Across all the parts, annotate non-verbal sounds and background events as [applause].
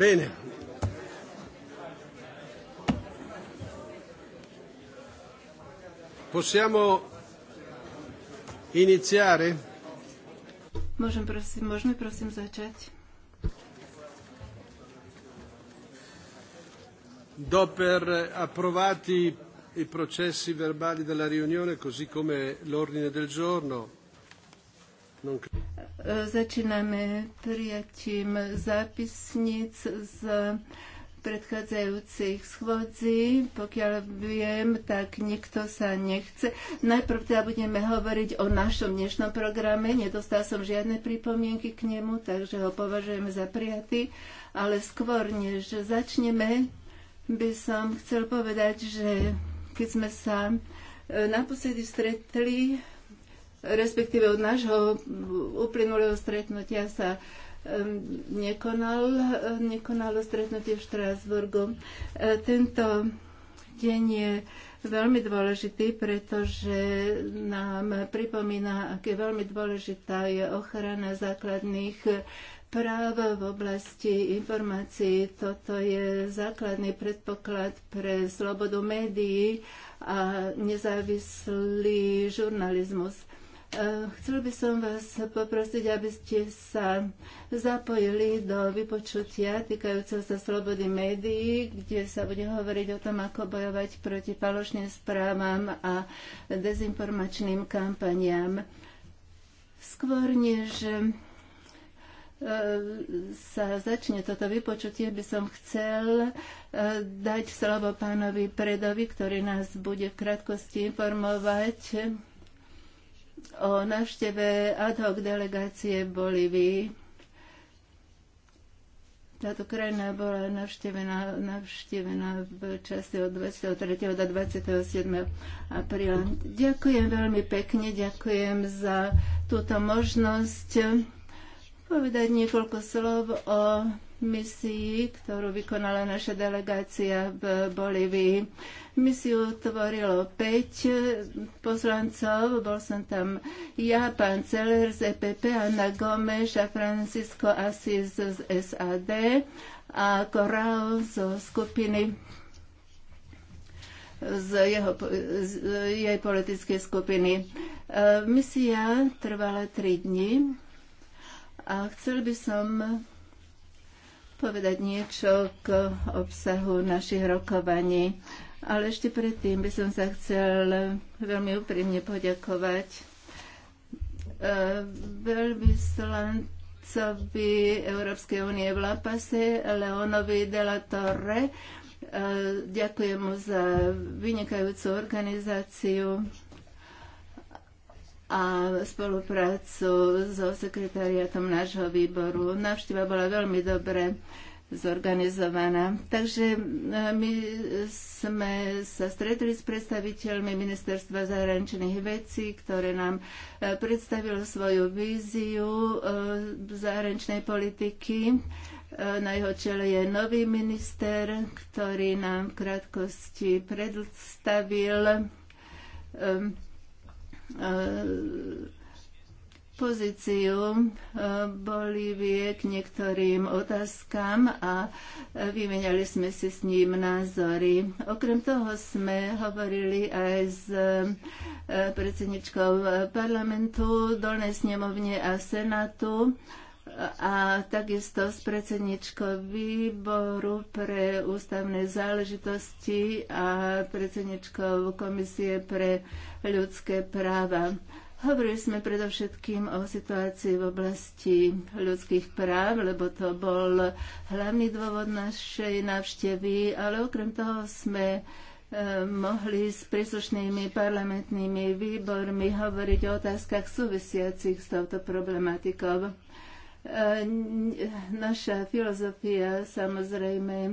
Bene. Possiamo iniziare? Môžem prosím, môžeme prosím začať? Dopo approvati i processi verbali della riunione così come l'ordine del giorno. Non Začíname prijatím zápisníc z predchádzajúcich schôdzi. Pokiaľ viem, tak nikto sa nechce. Najprv teda budeme hovoriť o našom dnešnom programe. Nedostal som žiadne pripomienky k nemu, takže ho považujeme za prijatý. Ale skôr, než začneme, by som chcel povedať, že keď sme sa e, naposledy stretli, respektíve od nášho uplynulého stretnutia sa nekonal, nekonalo stretnutie v Štrásburgu. E, tento deň je veľmi dôležitý, pretože nám pripomína, aké veľmi dôležitá je ochrana základných práv v oblasti informácií. Toto je základný predpoklad pre slobodu médií a nezávislý žurnalizmus. E, chcel by som vás poprosiť, aby ste sa zapojili do vypočutia týkajúceho sa slobody médií, kde sa bude hovoriť o tom, ako bojovať proti falošným správam a dezinformačným kampaniám. Skôr než e, sa začne toto vypočutie, by som chcel e, dať slovo pánovi Predovi, ktorý nás bude v krátkosti informovať O návšteve ad hoc delegácie Bolívii táto krajina bola navštevená, navštevená v čase od 23. do 27. apríla. Ďakujem veľmi pekne, ďakujem za túto možnosť povedať niekoľko slov o misií, ktorú vykonala naša delegácia v Bolívii. Misiu tvorilo 5 poslancov, bol som tam ja, pán Celer z EPP, Anna Gomes a Francisco Assis z SAD a Corral zo skupiny z, jeho, z jej politickej skupiny. E, misia trvala 3 dní a chcel by som povedať niečo k obsahu našich rokovaní. Ale ešte predtým by som sa chcel veľmi úprimne poďakovať e, veľvyslancovi Európskej únie v Lapase, Leonovi de la Torre. E, ďakujem mu za vynikajúcu organizáciu a spoluprácu so sekretariatom nášho výboru. Návšteva bola veľmi dobre zorganizovaná. Takže e, my sme sa stretli s predstaviteľmi Ministerstva zahraničných vecí, ktoré nám e, predstavilo svoju víziu e, zahraničnej politiky. Na jeho čele je nový minister, ktorý nám v krátkosti predstavil E, pozíciu e, Bolívie k niektorým otázkam a e, vymenali sme si s ním názory. Okrem toho sme hovorili aj s predsedničkou parlamentu, dolnej snemovne a senátu a takisto s predsedničkou výboru pre ústavné záležitosti a predsedničkou komisie pre ľudské práva. Hovorili sme predovšetkým o situácii v oblasti ľudských práv, lebo to bol hlavný dôvod našej návštevy, ale okrem toho sme e, mohli s príslušnými parlamentnými výbormi hovoriť o otázkach súvisiacich s touto problematikou. Naša filozofia samozrejme e,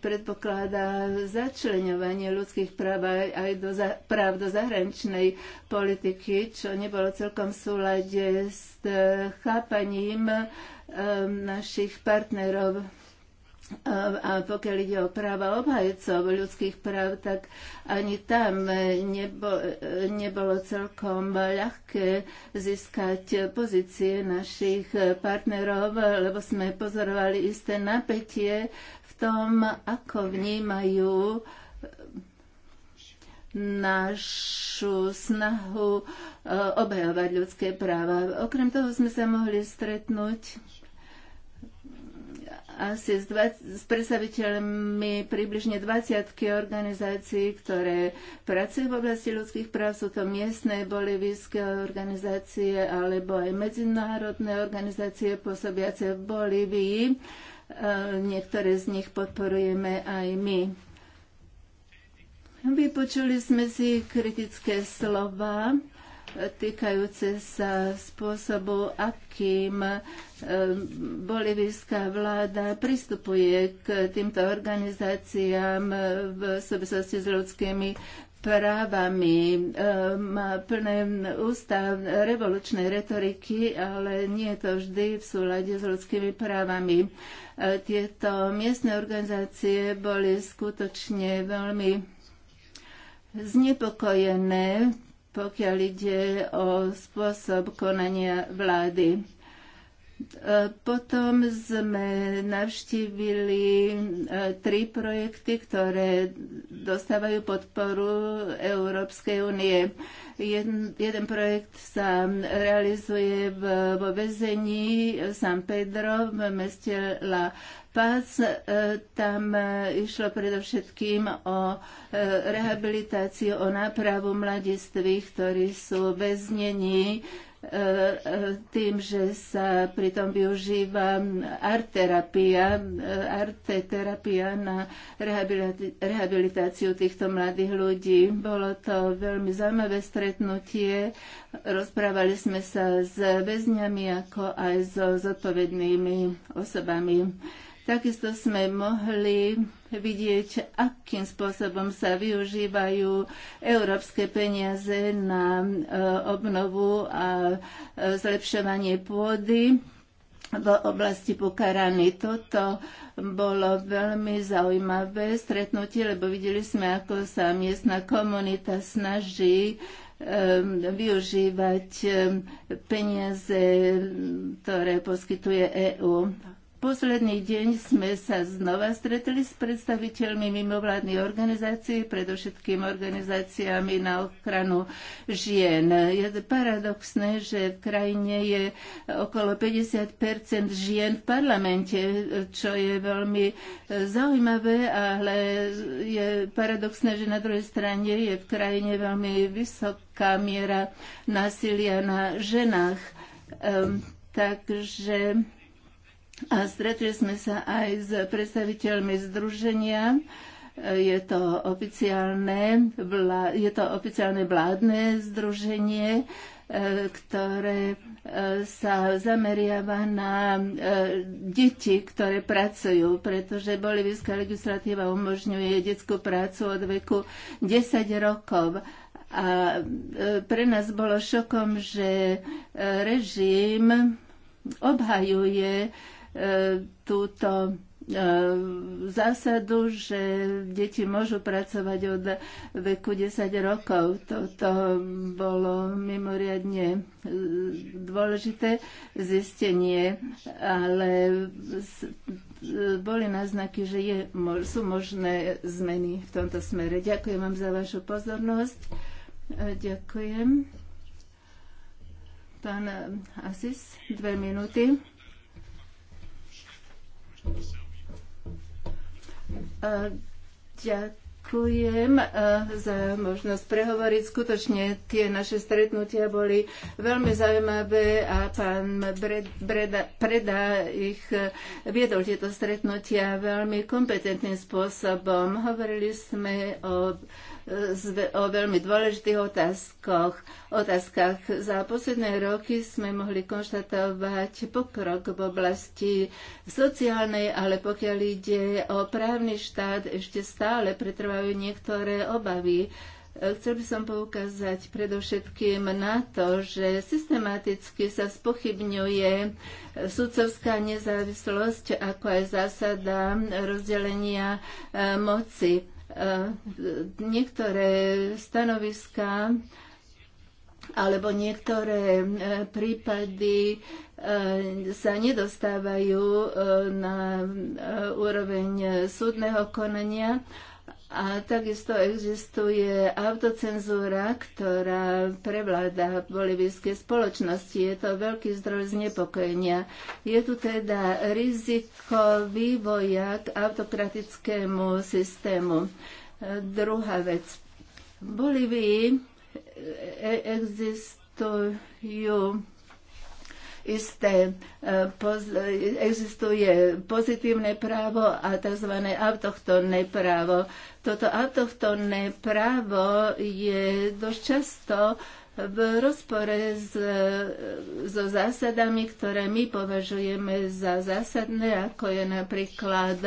predpokladá začleňovanie ľudských práv aj do, za, práv do zahraničnej politiky, čo nebolo celkom v súlade s e, chápaním e, našich partnerov a pokiaľ ide o práva obhajcov ľudských práv, tak ani tam nebo, nebolo celkom ľahké získať pozície našich partnerov, lebo sme pozorovali isté napätie v tom, ako vnímajú našu snahu e, obhajovať ľudské práva. Okrem toho sme sa mohli stretnúť asi s, 20, s predstaviteľmi približne 20 organizácií, ktoré pracujú v oblasti ľudských práv. Sú to miestne bolivijské organizácie alebo aj medzinárodné organizácie pôsobiace v Bolívii. E, niektoré z nich podporujeme aj my. Vypočuli sme si kritické slova týkajúce sa spôsobu, akým e, bolivijská vláda pristupuje k týmto organizáciám e, v súvislosti s ľudskými právami. E, má plné ústa revolučnej retoriky, ale nie je to vždy v súlade s ľudskými právami. Tieto miestne organizácie boli skutočne veľmi znepokojené pokiaľ ide o spôsob konania vlády. E, potom sme navštívili e, tri projekty, ktoré dostávajú podporu Európskej únie. Jeden, jeden projekt sa realizuje v, vo vezení San Pedro v meste La Paz. E, tam išlo predovšetkým o e, rehabilitáciu, o nápravu mladistvých, ktorí sú väznení E, e, tým, že sa pritom využíva arterapia, e, arteterapia na rehabilitáciu týchto mladých ľudí. Bolo to veľmi zaujímavé stretnutie. Rozprávali sme sa s väzňami ako aj so zodpovednými osobami. Takisto sme mohli vidieť, akým spôsobom sa využívajú európske peniaze na e, obnovu a e, zlepšovanie pôdy v oblasti Pukarany. Toto bolo veľmi zaujímavé stretnutie, lebo videli sme, ako sa miestna komunita snaží využívať peniaze, ktoré poskytuje EÚ. Posledný deň sme sa znova stretli s predstaviteľmi mimovládnych organizácií, predovšetkým organizáciami na ochranu žien. Je paradoxné, že v krajine je okolo 50 žien v parlamente, čo je veľmi zaujímavé, ale je paradoxné, že na druhej strane je v krajine veľmi vysoká miera násilia na ženách. Um, takže a stretli sme sa aj s predstaviteľmi združenia. Je to oficiálne, je to oficiálne vládne združenie, e, ktoré e, sa zameriava na e, deti, ktoré pracujú, pretože bolivická legislatíva umožňuje detskú prácu od veku 10 rokov. A pre nás bolo šokom, že režim obhajuje túto e, zásadu, že deti môžu pracovať od veku 10 rokov. Toto bolo mimoriadne e, dôležité zistenie, ale e, boli náznaky, že je, sú možné zmeny v tomto smere. Ďakujem vám za vašu pozornosť. Ďakujem. Pán Asis, dve minúty. Eh, ďakujem eh, za možnosť prehovoriť. Skutočne tie naše stretnutia boli veľmi zaujímavé a pán Breda, Preda ich eh, viedol tieto stretnutia veľmi kompetentným spôsobom. Hovorili sme o o veľmi dôležitých otázkoch, otázkach. Za posledné roky sme mohli konštatovať pokrok v oblasti sociálnej, ale pokiaľ ide o právny štát, ešte stále pretrvajú niektoré obavy. Chcel by som poukázať predovšetkým na to, že systematicky sa spochybňuje sudcovská nezávislosť, ako aj zásada rozdelenia eh, moci E, niektoré stanoviska alebo niektoré e, prípady e, sa nedostávajú na úroveň súdneho konania a takisto existuje autocenzúra, ktorá prevláda v bolivijskej spoločnosti. Je to veľký zdroj znepokojenia. Je tu teda riziko vývoja k autokratickému systému. Druhá vec. V Bolívii e- e- existujú isté, e, existuje pozitívne právo a tzv. autochtónne právo. Toto autochtónne právo je dosť často v rozpore s, so zásadami, ktoré my považujeme za zásadné, ako je napríklad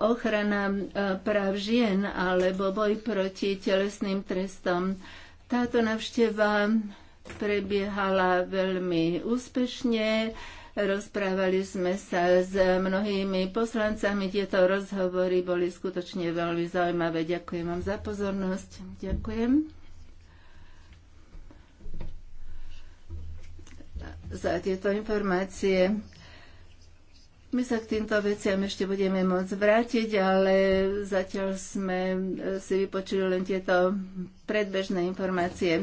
ochrana e, práv žien alebo boj proti telesným trestom. Táto navšteva prebiehala veľmi úspešne. Rozprávali sme sa s mnohými poslancami. Tieto rozhovory boli skutočne veľmi zaujímavé. Ďakujem vám za pozornosť. Ďakujem. za tieto informácie. My sa k týmto veciam ešte budeme môcť vrátiť, ale zatiaľ sme si vypočuli len tieto predbežné informácie.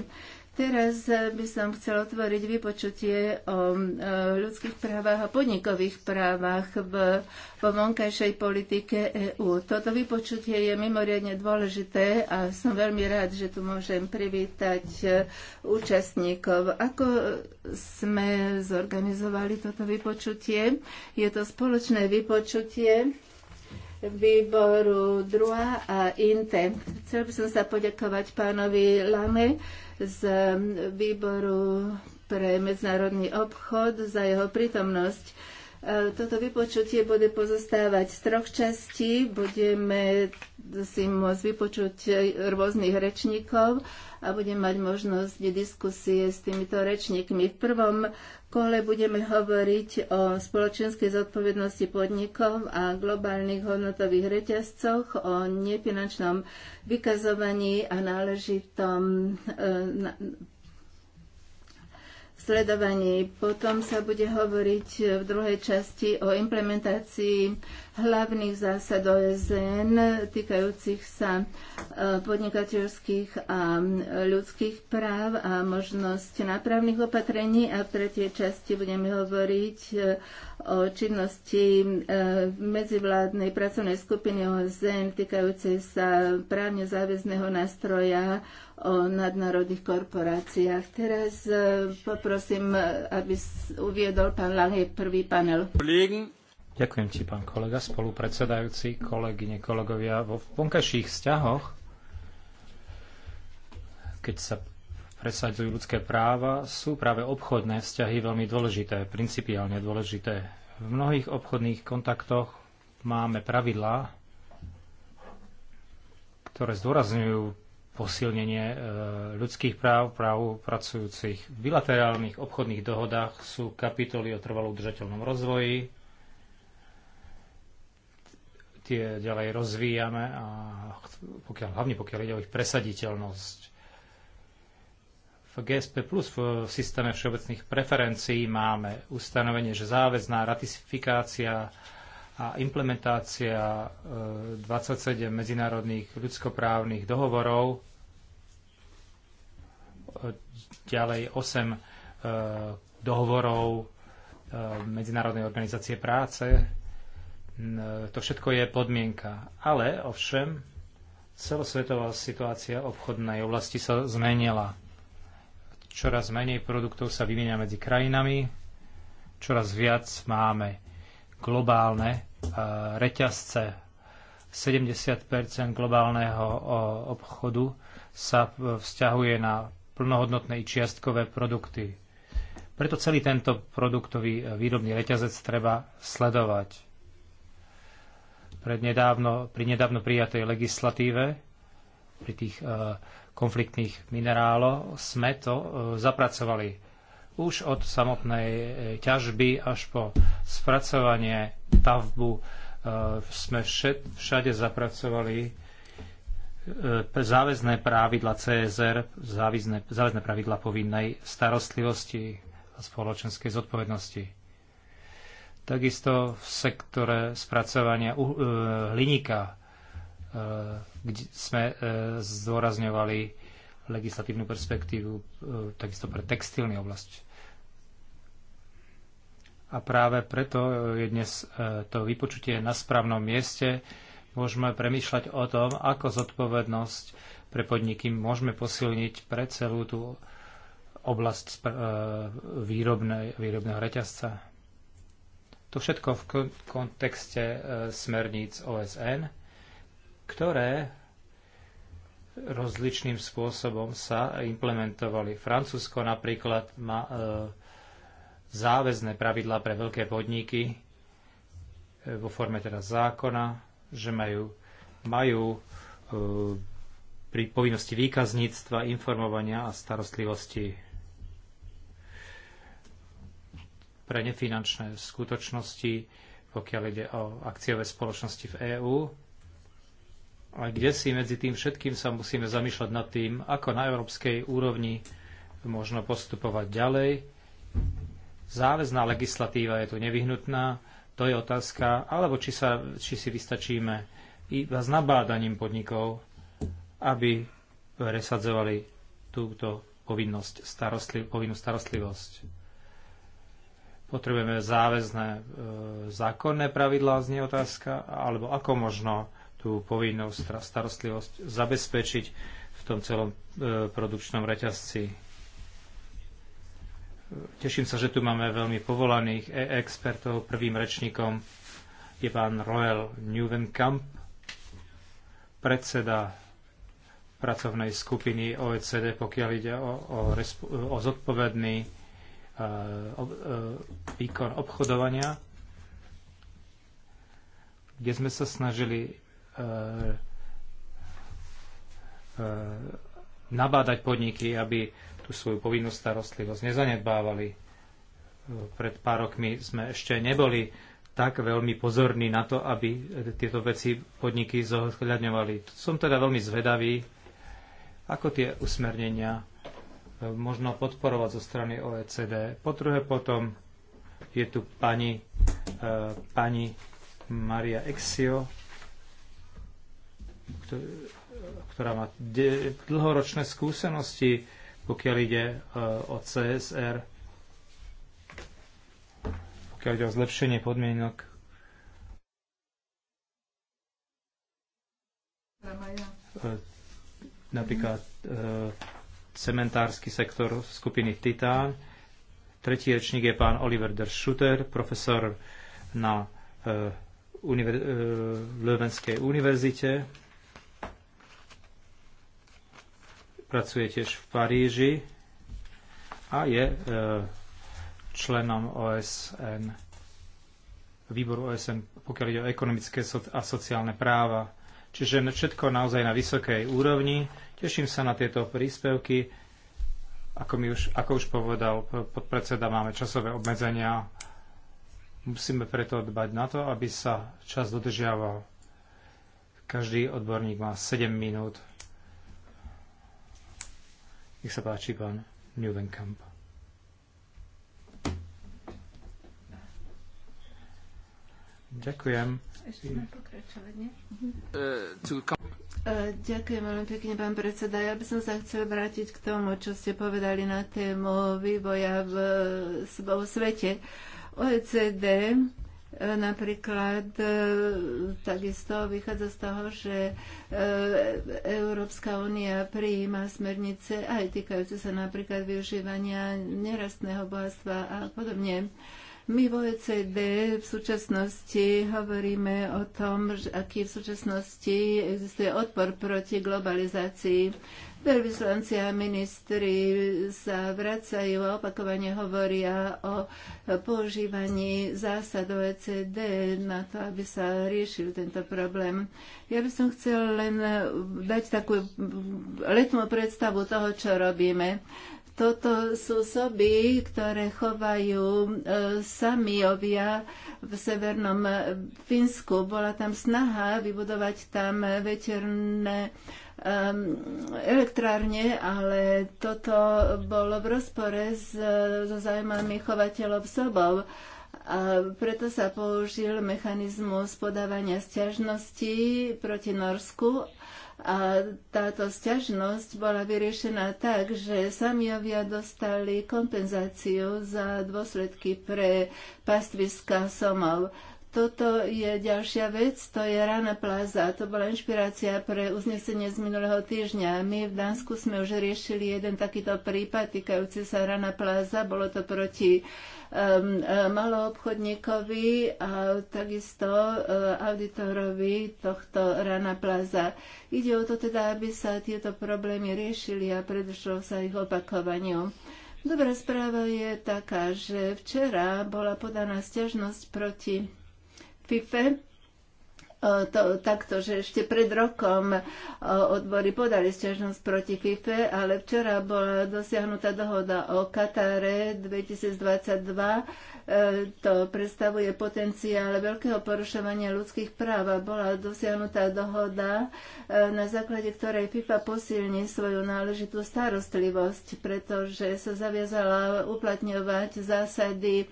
Teraz by som chcel otvoriť vypočutie o ľudských právach a podnikových právach v, vo vonkajšej politike EÚ. Toto vypočutie je mimoriadne dôležité a som veľmi rád, že tu môžem privítať e, účastníkov. Ako sme zorganizovali toto vypočutie? Je to spoločné vypočutie výboru DRUA a INTE. Chcel by som sa poďakovať pánovi Lame, z výboru pre medzinárodný obchod za jeho prítomnosť. E, toto vypočutie bude pozostávať z troch častí. Budeme si môcť vypočuť rôznych rečníkov a budem mať možnosť diskusie s týmito rečníkmi. V prvom kole budeme hovoriť o spoločenskej zodpovednosti podnikov a globálnych hodnotových reťazcoch, o nefinančnom vykazovaní a náležitom e, sledovaní. Potom sa bude hovoriť v druhej časti o implementácii hlavných zásad OSN týkajúcich sa e, podnikateľských a e, ľudských práv a možnosť nápravných opatrení a v tretej časti budeme hovoriť e, o činnosti medzivládnej pracovnej skupiny OSN týkajúcej sa právne záväzného nástroja o nadnárodných korporáciách. Teraz poprosím, aby uviedol pán Lange prvý panel. Kollegen, Ďakujem ti, pán kolega, spolupredsedajúci, kolegyne, kolegovia. Vo vonkajších vzťahoch, keď sa presadzujú ľudské práva, sú práve obchodné vzťahy veľmi dôležité, principiálne dôležité. V mnohých obchodných kontaktoch máme pravidlá, ktoré zdôrazňujú posilnenie e, ľudských práv, práv pracujúcich. V bilaterálnych obchodných dohodách sú kapitoly o trvalo udržateľnom rozvoji, tie ďalej rozvíjame a pokiaľ, hlavne pokiaľ ide o ich presaditeľnosť. V GSP Plus v systéme všeobecných preferencií máme ustanovenie, že záväzná ratifikácia a implementácia 27 e, medzinárodných ľudskoprávnych dohovorov, e, ďalej 8 e, dohovorov Medzinárodnej organizácie práce, to všetko je podmienka. Ale ovšem, celosvetová situácia obchodnej oblasti sa zmenila. Čoraz menej produktov sa vymieňa medzi krajinami, čoraz viac máme globálne e, reťazce. 70 globálneho obchodu sa e, vzťahuje na plnohodnotné i čiastkové produkty. Preto celý tento produktový e, výrobný reťazec treba sledovať pred nedávno, pri nedávno prijatej legislatíve, pri tých e, konfliktných mineráloch, sme to e, zapracovali už od samotnej e, ťažby až po spracovanie tavbu e, sme všet, všade zapracovali e, záväzné pravidla CSR, záväzné, záväzné pravidla povinnej starostlivosti a spoločenskej zodpovednosti Takisto v sektore spracovania e, hliníka, e, kde sme e, zdôrazňovali legislatívnu perspektívu takisto pre textilnú oblasť. A práve preto je dnes to vypočutie na správnom mieste. Môžeme premýšľať o tom, ako zodpovednosť pre podniky môžeme posilniť pre celú tú oblasť výrobnej, výrobného reťazca. To všetko v kontexte e, smerníc OSN, ktoré rozličným spôsobom sa implementovali. Francúzsko napríklad má e, záväzné pravidlá pre veľké podniky e, vo forme teda zákona, že majú, majú pri povinnosti výkazníctva, informovania a starostlivosti pre nefinančné skutočnosti, pokiaľ ide o akciové spoločnosti v EÚ. A kde si medzi tým všetkým sa musíme zamýšľať nad tým, ako na európskej úrovni možno postupovať ďalej. Záväzná legislatíva je tu nevyhnutná, to je otázka, alebo či, sa, či si vystačíme iba s nabádaním podnikov, aby resadzovali túto povinnosť, starostli, povinnú starostlivosť Potrebujeme záväzné e, zákonné pravidlá, znie otázka, alebo ako možno tú povinnosť, starostlivosť zabezpečiť v tom celom e, produkčnom reťazci. E, teším sa, že tu máme veľmi povolaných e expertov. Prvým rečníkom je pán Royal Newenkamp, predseda pracovnej skupiny OECD, pokiaľ ide o, o, o zodpovedný Eh, eh, výkon obchodovania, kde sme sa snažili eh, nabádať podniky, aby tú svoju povinnú starostlivosť nezanedbávali. Pred pár rokmi sme ešte neboli tak veľmi pozorní na to, aby tieto veci podniky zohľadňovali. Som teda veľmi zvedavý, ako tie usmernenia možno podporovať zo strany OECD. Po druhé potom je tu pani, e, pani Maria Exio, ktorá má dlhoročné skúsenosti, pokiaľ ide e, o CSR, pokiaľ ide o zlepšenie podmienok. E, napríklad cementársky sektor skupiny Titán. Tretí rečník je pán Oliver der Schutter, profesor na uh, univer, uh, e, Löwenskej univerzite. Pracuje tiež v Paríži a je uh, členom OSN, výboru OSN, pokiaľ ide o ekonomické a sociálne práva. Čiže všetko naozaj na vysokej úrovni Teším sa na tieto príspevky. Ako, mi už, ako už povedal podpredseda, máme časové obmedzenia. Musíme preto dbať na to, aby sa čas dodržiaval. Každý odborník má 7 minút. Nech sa páči, pán Newenkamp. Ďakujem. Mhm. E, ďakujem veľmi pekne, pán predseda. Ja by som sa chcel vrátiť k tomu, čo ste povedali na tému vývoja v, v svete. OECD e, napríklad e, takisto vychádza z toho, že Európska únia prijíma smernice aj týkajúce sa napríklad využívania nerastného bohatstva a podobne. My v OECD v súčasnosti hovoríme o tom, že aký v súčasnosti existuje odpor proti globalizácii. Veľvyslanci a ministri sa vracajú a opakovane hovoria o používaní zásad OECD na to, aby sa riešil tento problém. Ja by som chcel len dať takú letnú predstavu toho, čo robíme. Toto sú soby, ktoré chovajú e, sami ovia v severnom Finsku. Bola tam snaha vybudovať tam večerné elektrárne, ale toto bolo v rozpore s, so zaujímavými chovateľov sobov. A preto sa použil mechanizmus podávania sťažností proti Norsku a táto sťažnosť bola vyriešená tak, že samiovia dostali kompenzáciu za dôsledky pre pastviska somov. Toto je ďalšia vec, to je Rana Plaza. To bola inšpirácia pre uznesenie z minulého týždňa. My v Dánsku sme už riešili jeden takýto prípad týkajúci sa Rana Plaza. Bolo to proti um, maloobchodníkovi a takisto uh, auditorovi tohto Rana Plaza. Ide o to teda, aby sa tieto problémy riešili a predošlo sa ich opakovaniu. Dobrá správa je taká, že včera bola podaná stiažnosť proti FIFE, e, to, takto, že ešte pred rokom e, odbory podali stiažnosť proti FIFE, ale včera bola dosiahnutá dohoda o Katare 2022 to predstavuje potenciál veľkého porušovania ľudských práv a bola dosiahnutá dohoda, e, na základe ktorej FIFA posilní svoju náležitú starostlivosť, pretože sa zaviazala uplatňovať zásady e,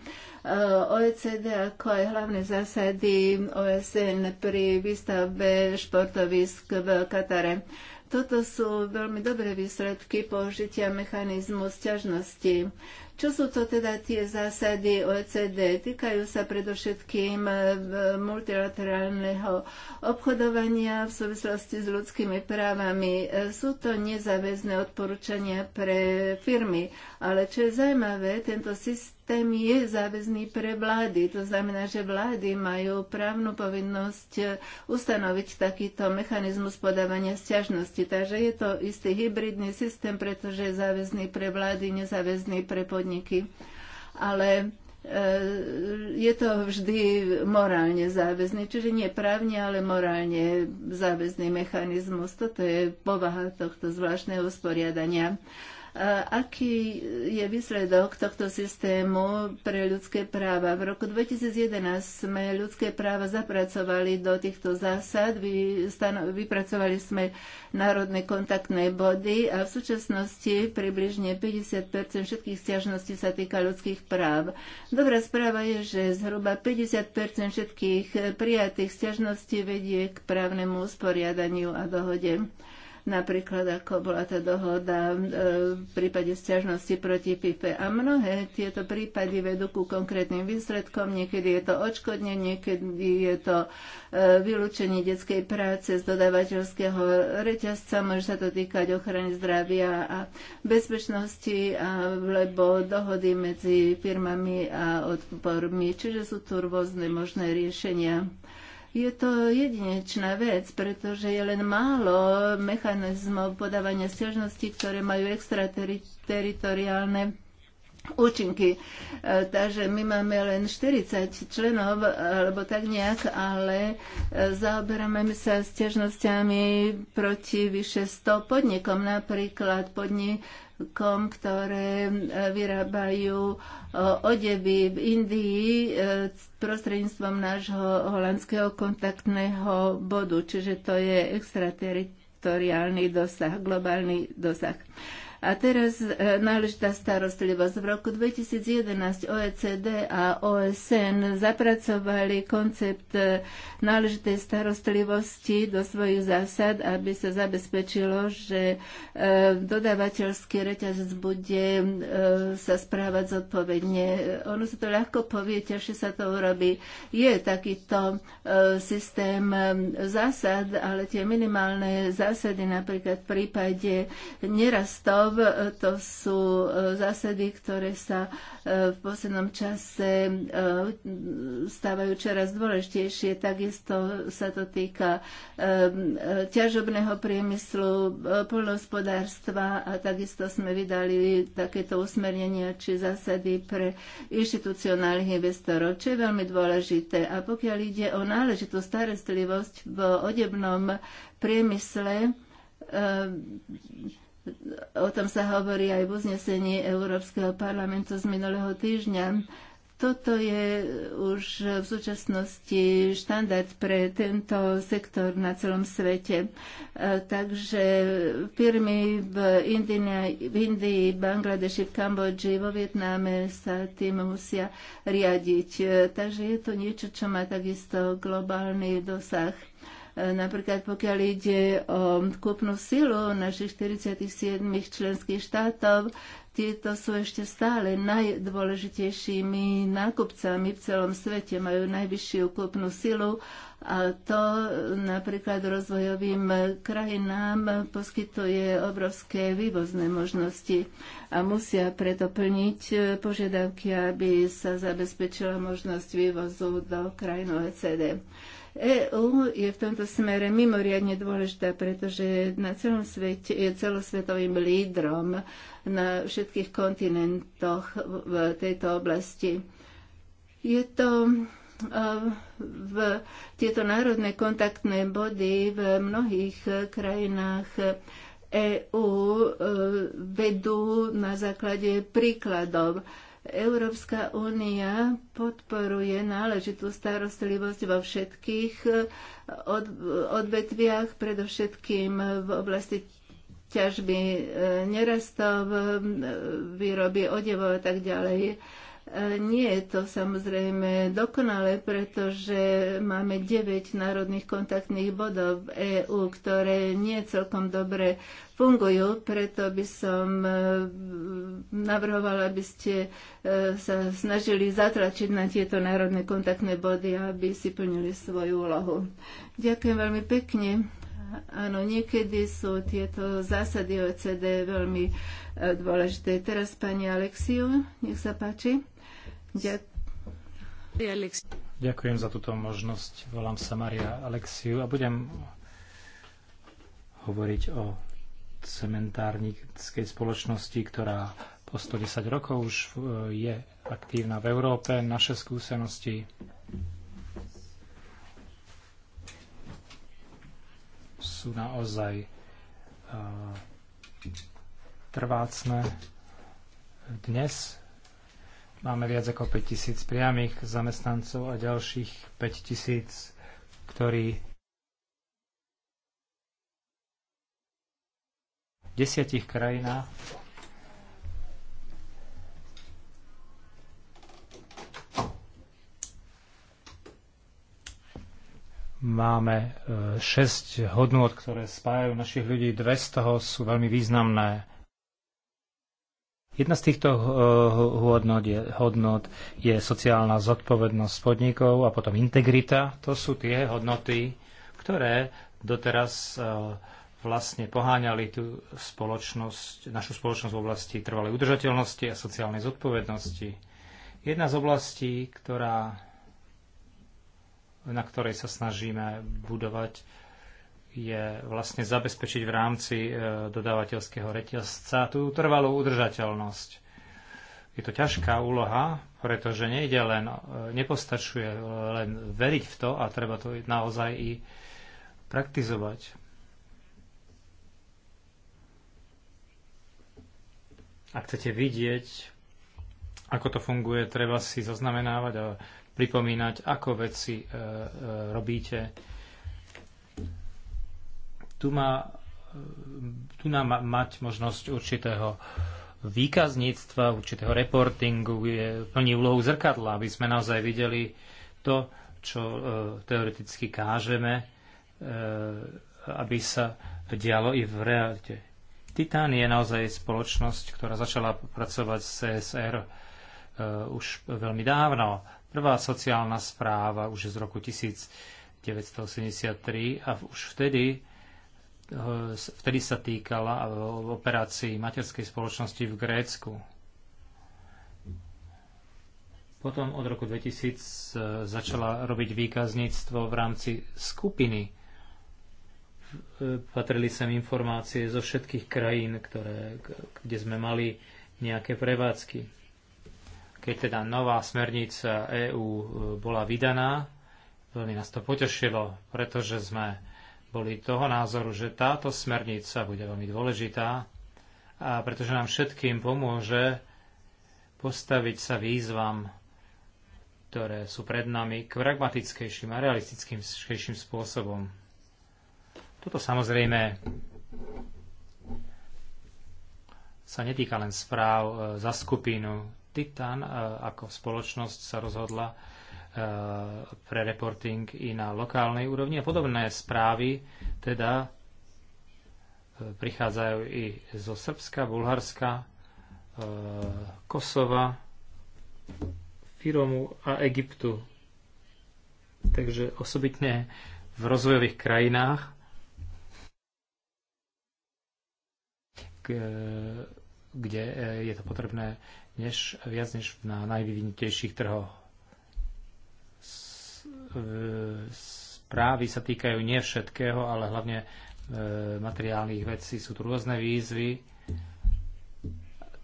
OECD ako aj hlavné zásady OSN pri výstavbe športovisk v Katare. Toto sú veľmi dobré výsledky použitia mechanizmu sťažnosti. Čo sú to teda tie zásady OECD? Týkajú sa predovšetkým e, multilaterálneho obchodovania v súvislosti s ľudskými právami. E, sú to nezáväzné odporúčania pre firmy, ale čo je zaujímavé, tento systém je záväzný pre vlády. To znamená, že vlády majú právnu povinnosť e, ustanoviť takýto mechanizmus podávania sťažnosti. Takže je to istý hybridný systém, pretože je záväzný pre vlády, nezáväzný pre podnikov podniky. Ale e, je to vždy morálne záväzný, čiže nie právne, ale morálne záväzný mechanizmus. Toto je povaha tohto zvláštneho usporiadania. Aký je výsledok tohto systému pre ľudské práva? V roku 2011 sme ľudské práva zapracovali do týchto zásad, vypracovali sme národné kontaktné body a v súčasnosti približne 50 všetkých stiažností sa týka ľudských práv. Dobrá správa je, že zhruba 50 všetkých prijatých stiažností vedie k právnemu usporiadaniu a dohode napríklad ako bola tá dohoda e, v prípade stiažnosti proti PIPE. A mnohé tieto prípady vedú ku konkrétnym výsledkom. Niekedy je to odškodnenie, niekedy je to e, vylúčenie detskej práce z dodávateľského reťazca. Môže sa to týkať ochrany zdravia a bezpečnosti alebo dohody medzi firmami a odpormi. Čiže sú tu rôzne možné riešenia. Je to jedinečná vec, pretože je len málo mechanizmov podávania stiažnosti, ktoré majú extrateritoriálne účinky. E, takže my máme len 40 členov, alebo tak nejak, ale e, zaoberáme sa stiažnosťami proti vyše 100 podnikom. Napríklad podnik kom, ktoré e, vyrábajú e, odevy v Indii e, prostredníctvom nášho holandského kontaktného bodu, čiže to je extrateritoriálny dosah, globálny dosah. A teraz e, náležitá starostlivosť. V roku 2011 OECD a OSN zapracovali koncept e, náležitej starostlivosti do svojich zásad, aby sa zabezpečilo, že e, dodávateľský reťazec bude sa správať zodpovedne. Ono sa to ľahko povie, ťažšie sa to urobí. Je takýto systém zásad, ale tie minimálne zásady napríklad v prípade nerastov osôb. E, to sú e, zásady, ktoré sa e, v poslednom čase stávajú čoraz dôležitejšie. Takisto sa to týka ťažobného priemyslu, poľnohospodárstva a takisto sme vydali takéto usmernenia či zásady pre inštitucionálnych investorov, čo je veľmi dôležité. A pokiaľ ide o náležitú starostlivosť v odebnom priemysle, O tom sa hovorí aj v uznesení Európskeho parlamentu z minulého týždňa. Toto je už v súčasnosti štandard pre tento sektor na celom svete. E, takže firmy v Indii, v Indii Bangladeši, v Kambodži, vo Vietname sa tým musia riadiť. E, takže je to niečo, čo má takisto globálny dosah. E, napríklad pokiaľ ide o kúpnu silu našich 47 členských štátov, tieto sú ešte stále najdôležitejšími nákupcami v celom svete, majú najvyššiu kúpnu silu a to napríklad rozvojovým krajinám poskytuje obrovské vývozné možnosti a musia preto plniť požiadavky, aby sa zabezpečila možnosť vývozu do krajín OECD. EÚ je v tomto smere mimoriadne dôležitá, pretože na celom svete je celosvetovým lídrom na všetkých kontinentoch v tejto oblasti. Je to e, v tieto národné kontaktné body v mnohých krajinách EÚ e, vedú na základe príkladov. Európska únia podporuje náležitú starostlivosť vo všetkých eh, od, odvetviach, predovšetkým v oblasti ťažby eh, nerastov, eh, výroby odevov a tak ďalej. E, nie je to samozrejme dokonale, pretože máme 9 národných kontaktných bodov v EÚ, ktoré nie celkom dobre fungujú, preto by som e, navrhovala, aby ste e, sa snažili zatračiť na tieto národné kontaktné body, aby si plnili svoju úlohu. Ďakujem veľmi pekne. Áno, niekedy sú tieto zásady OCD veľmi dôležité. Teraz pani Alexiu, nech sa páči. Ďakujem za túto možnosť. Volám sa Maria Alexiu a budem hovoriť o cementárnickej spoločnosti, ktorá po 110 rokov už e, je aktívna v Európe. Naše skúsenosti sú naozaj e, trvácne. Dnes Máme viac ako 5000 priamých zamestnancov a ďalších 5000, ktorí v desiatich krajinách máme 6 e, hodnôt, ktoré spájajú našich ľudí. Dve z toho sú veľmi významné Jedna z týchto eh, hodnot je, hodnot je sociálna zodpovednosť podnikov a potom integrita. To sú tie hodnoty, ktoré doteraz eh, vlastne poháňali tú spoločnosť, našu spoločnosť v oblasti trvalej udržateľnosti a sociálnej zodpovednosti. Jedna z oblastí, ktorá, na ktorej sa snažíme budovať je vlastne zabezpečiť v rámci e, dodávateľského reťazca tú trvalú udržateľnosť. Je to ťažká úloha, pretože nejde len, e, nepostačuje len veriť v to a treba to naozaj i praktizovať. Ak chcete vidieť, ako to funguje, treba si zaznamenávať a pripomínať, ako veci e, e, robíte tu, má, e, tu nám mať možnosť určitého výkazníctva, určitého reportingu, je plní úlohu zrkadla, aby sme naozaj videli to, čo e, teoreticky kážeme, e, aby sa dialo i v realite. Titán je naozaj spoločnosť, ktorá začala pracovať s CSR e, už veľmi dávno. Prvá sociálna správa už je z roku 1973 a už vtedy E, vtedy sa týkala v e, operácii materskej spoločnosti v Grécku. Potom od roku 2000 e, začala robiť výkazníctvo v rámci skupiny. Patrili sem informácie zo všetkých krajín, ktoré, kde sme mali nejaké prevádzky. Keď teda nová smernica EÚ bola vydaná, veľmi nás to potešilo, pretože sme boli toho názoru, že táto smernica bude veľmi dôležitá, a pretože nám všetkým pomôže postaviť sa výzvam, ktoré sú pred nami, k pragmatickejším a realistickým spôsobom. Toto samozrejme sa netýka len správ e, za skupinu Titan, e, ako spoločnosť sa rozhodla E, pre reporting i na lokálnej úrovni a podobné správy teda e, prichádzajú i zo Srbska, Bulharska, e, Kosova, Firomu a Egyptu. Takže osobitne v rozvojových krajinách kde je to potrebné než, viac než na najvyvinutejších trhoch správy sa týkajú nie všetkého, ale hlavne e, materiálnych vecí. Sú tu rôzne výzvy.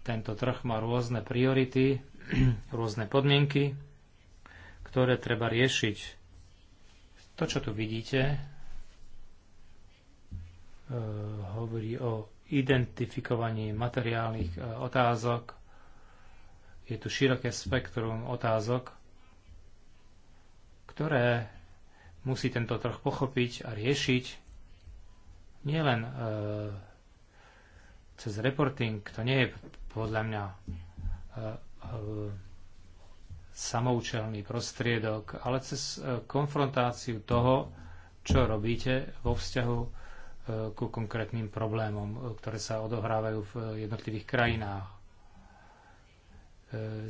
Tento trh má rôzne priority, [clears throat] rôzne podmienky, ktoré treba riešiť. To, čo tu vidíte, e, hovorí o identifikovaní materiálnych e, otázok. Je tu široké spektrum otázok, ktoré musí tento trh pochopiť a riešiť nielen e, cez reporting, to nie je podľa mňa e, e, samoučelný prostriedok, ale cez e, konfrontáciu toho, čo robíte vo vzťahu e, ku konkrétnym problémom, e, ktoré sa odohrávajú v jednotlivých krajinách.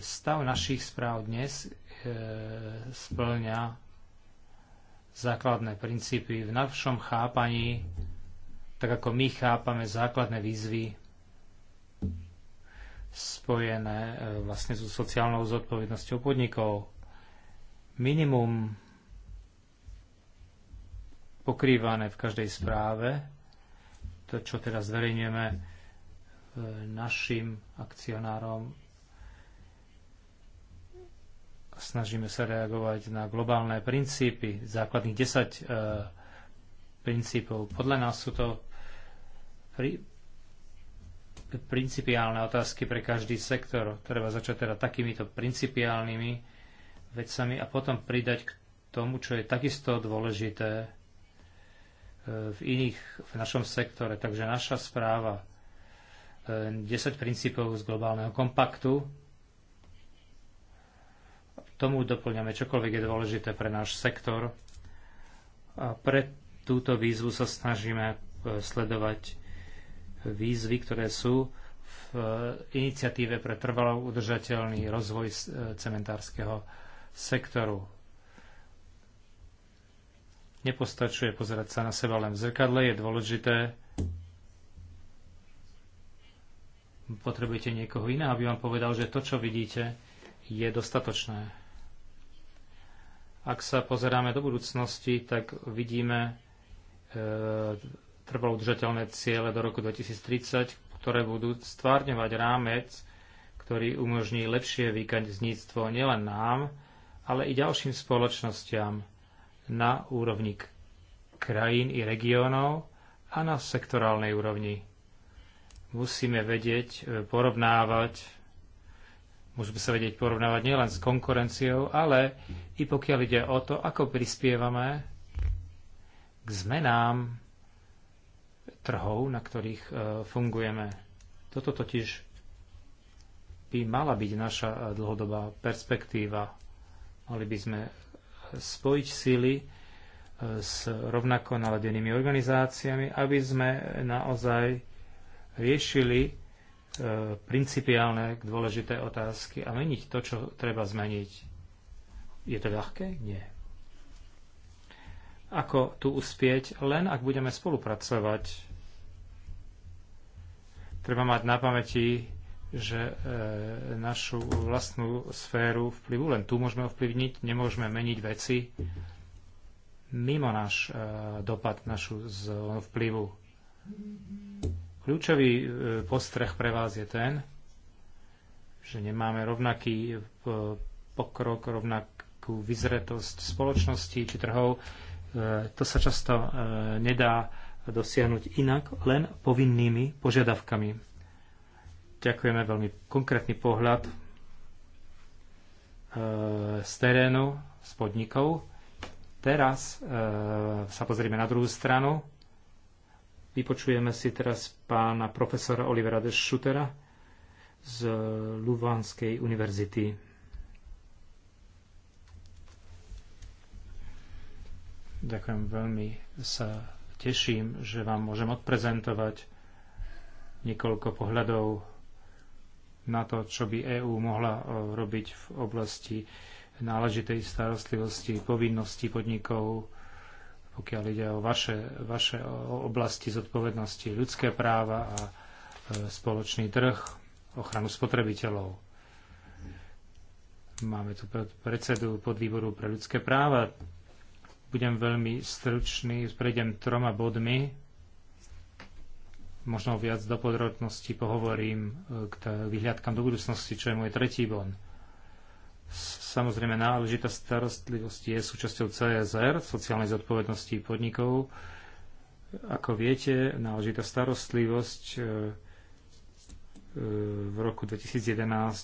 Stav našich správ dnes e, splňa základné princípy v našom chápaní, tak ako my chápame základné výzvy spojené e, vlastne so sociálnou zodpovednosťou podnikov. Minimum pokrývané v každej správe, to, čo teraz zverejňujeme e, našim akcionárom, snažíme sa reagovať na globálne princípy, základných 10 e, princípov. Podľa nás sú to pri, principiálne otázky pre každý sektor. Treba začať teda takýmito principiálnymi vecami a potom pridať k tomu, čo je takisto dôležité e, v iných, v našom sektore. Takže naša správa 10 e, princípov z globálneho kompaktu tomu doplňame čokoľvek je dôležité pre náš sektor. A pre túto výzvu sa snažíme e, sledovať výzvy, ktoré sú v e, iniciatíve pre trvalo udržateľný rozvoj e, cementárskeho sektoru. Nepostačuje pozerať sa na seba len v zrkadle, je dôležité potrebujete niekoho iného, aby vám povedal, že to, čo vidíte, je dostatočné. Ak sa pozeráme do budúcnosti, tak vidíme e, trvalo udržateľné ciele do roku 2030, ktoré budú stvárňovať rámec, ktorý umožní lepšie výkazníctvo nielen nám, ale i ďalším spoločnostiam na úrovni krajín i regiónov a na sektorálnej úrovni. Musíme vedieť, e, porovnávať Môžeme sa vedieť porovnávať nielen s konkurenciou, ale i pokiaľ ide o to, ako prispievame k zmenám trhov, na ktorých e, fungujeme. Toto totiž by mala byť naša e, dlhodobá perspektíva. Mali by sme e, spojiť síly s rovnako naladenými organizáciami, aby sme naozaj riešili E, principiálne dôležité otázky a meniť to, čo treba zmeniť. Je to ľahké? Nie. Ako tu uspieť? Len ak budeme spolupracovať. Treba mať na pamäti, že e, našu vlastnú sféru vplyvu len tu môžeme ovplyvniť, nemôžeme meniť veci mimo náš e, dopad, našu zónu vplyvu Kľúčový e, postreh pre vás je ten, že nemáme rovnaký e, pokrok, rovnakú vyzretosť spoločnosti či trhov. E, to sa často nedá dosiahnuť inak, len povinnými požiadavkami. Ďakujeme veľmi konkrétny pohľad z terénu, z podnikov. Teraz sa pozrieme na druhú stranu Vypočujeme si teraz pána profesora Olivera de Schutera z Luvanskej univerzity. Ďakujem veľmi. Sa teším, že vám môžem odprezentovať niekoľko pohľadov na to, čo by EÚ mohla e, robiť v oblasti náležitej starostlivosti, povinností podnikov, pokiaľ ide o vaše, vaše oblasti zodpovednosti, ľudské práva a e, spoločný trh, ochranu spotrebiteľov. Máme tu predsedu podvýboru pre ľudské práva. Budem veľmi stručný, prejdem troma bodmi. Možno viac do podrobností pohovorím e, k vyhľadkám do budúcnosti, čo je môj tretí bod. Samozrejme, náležitá starostlivosť je súčasťou CSR, sociálnej zodpovednosti podnikov. Ako viete, náležitá starostlivosť e, e, v roku 2011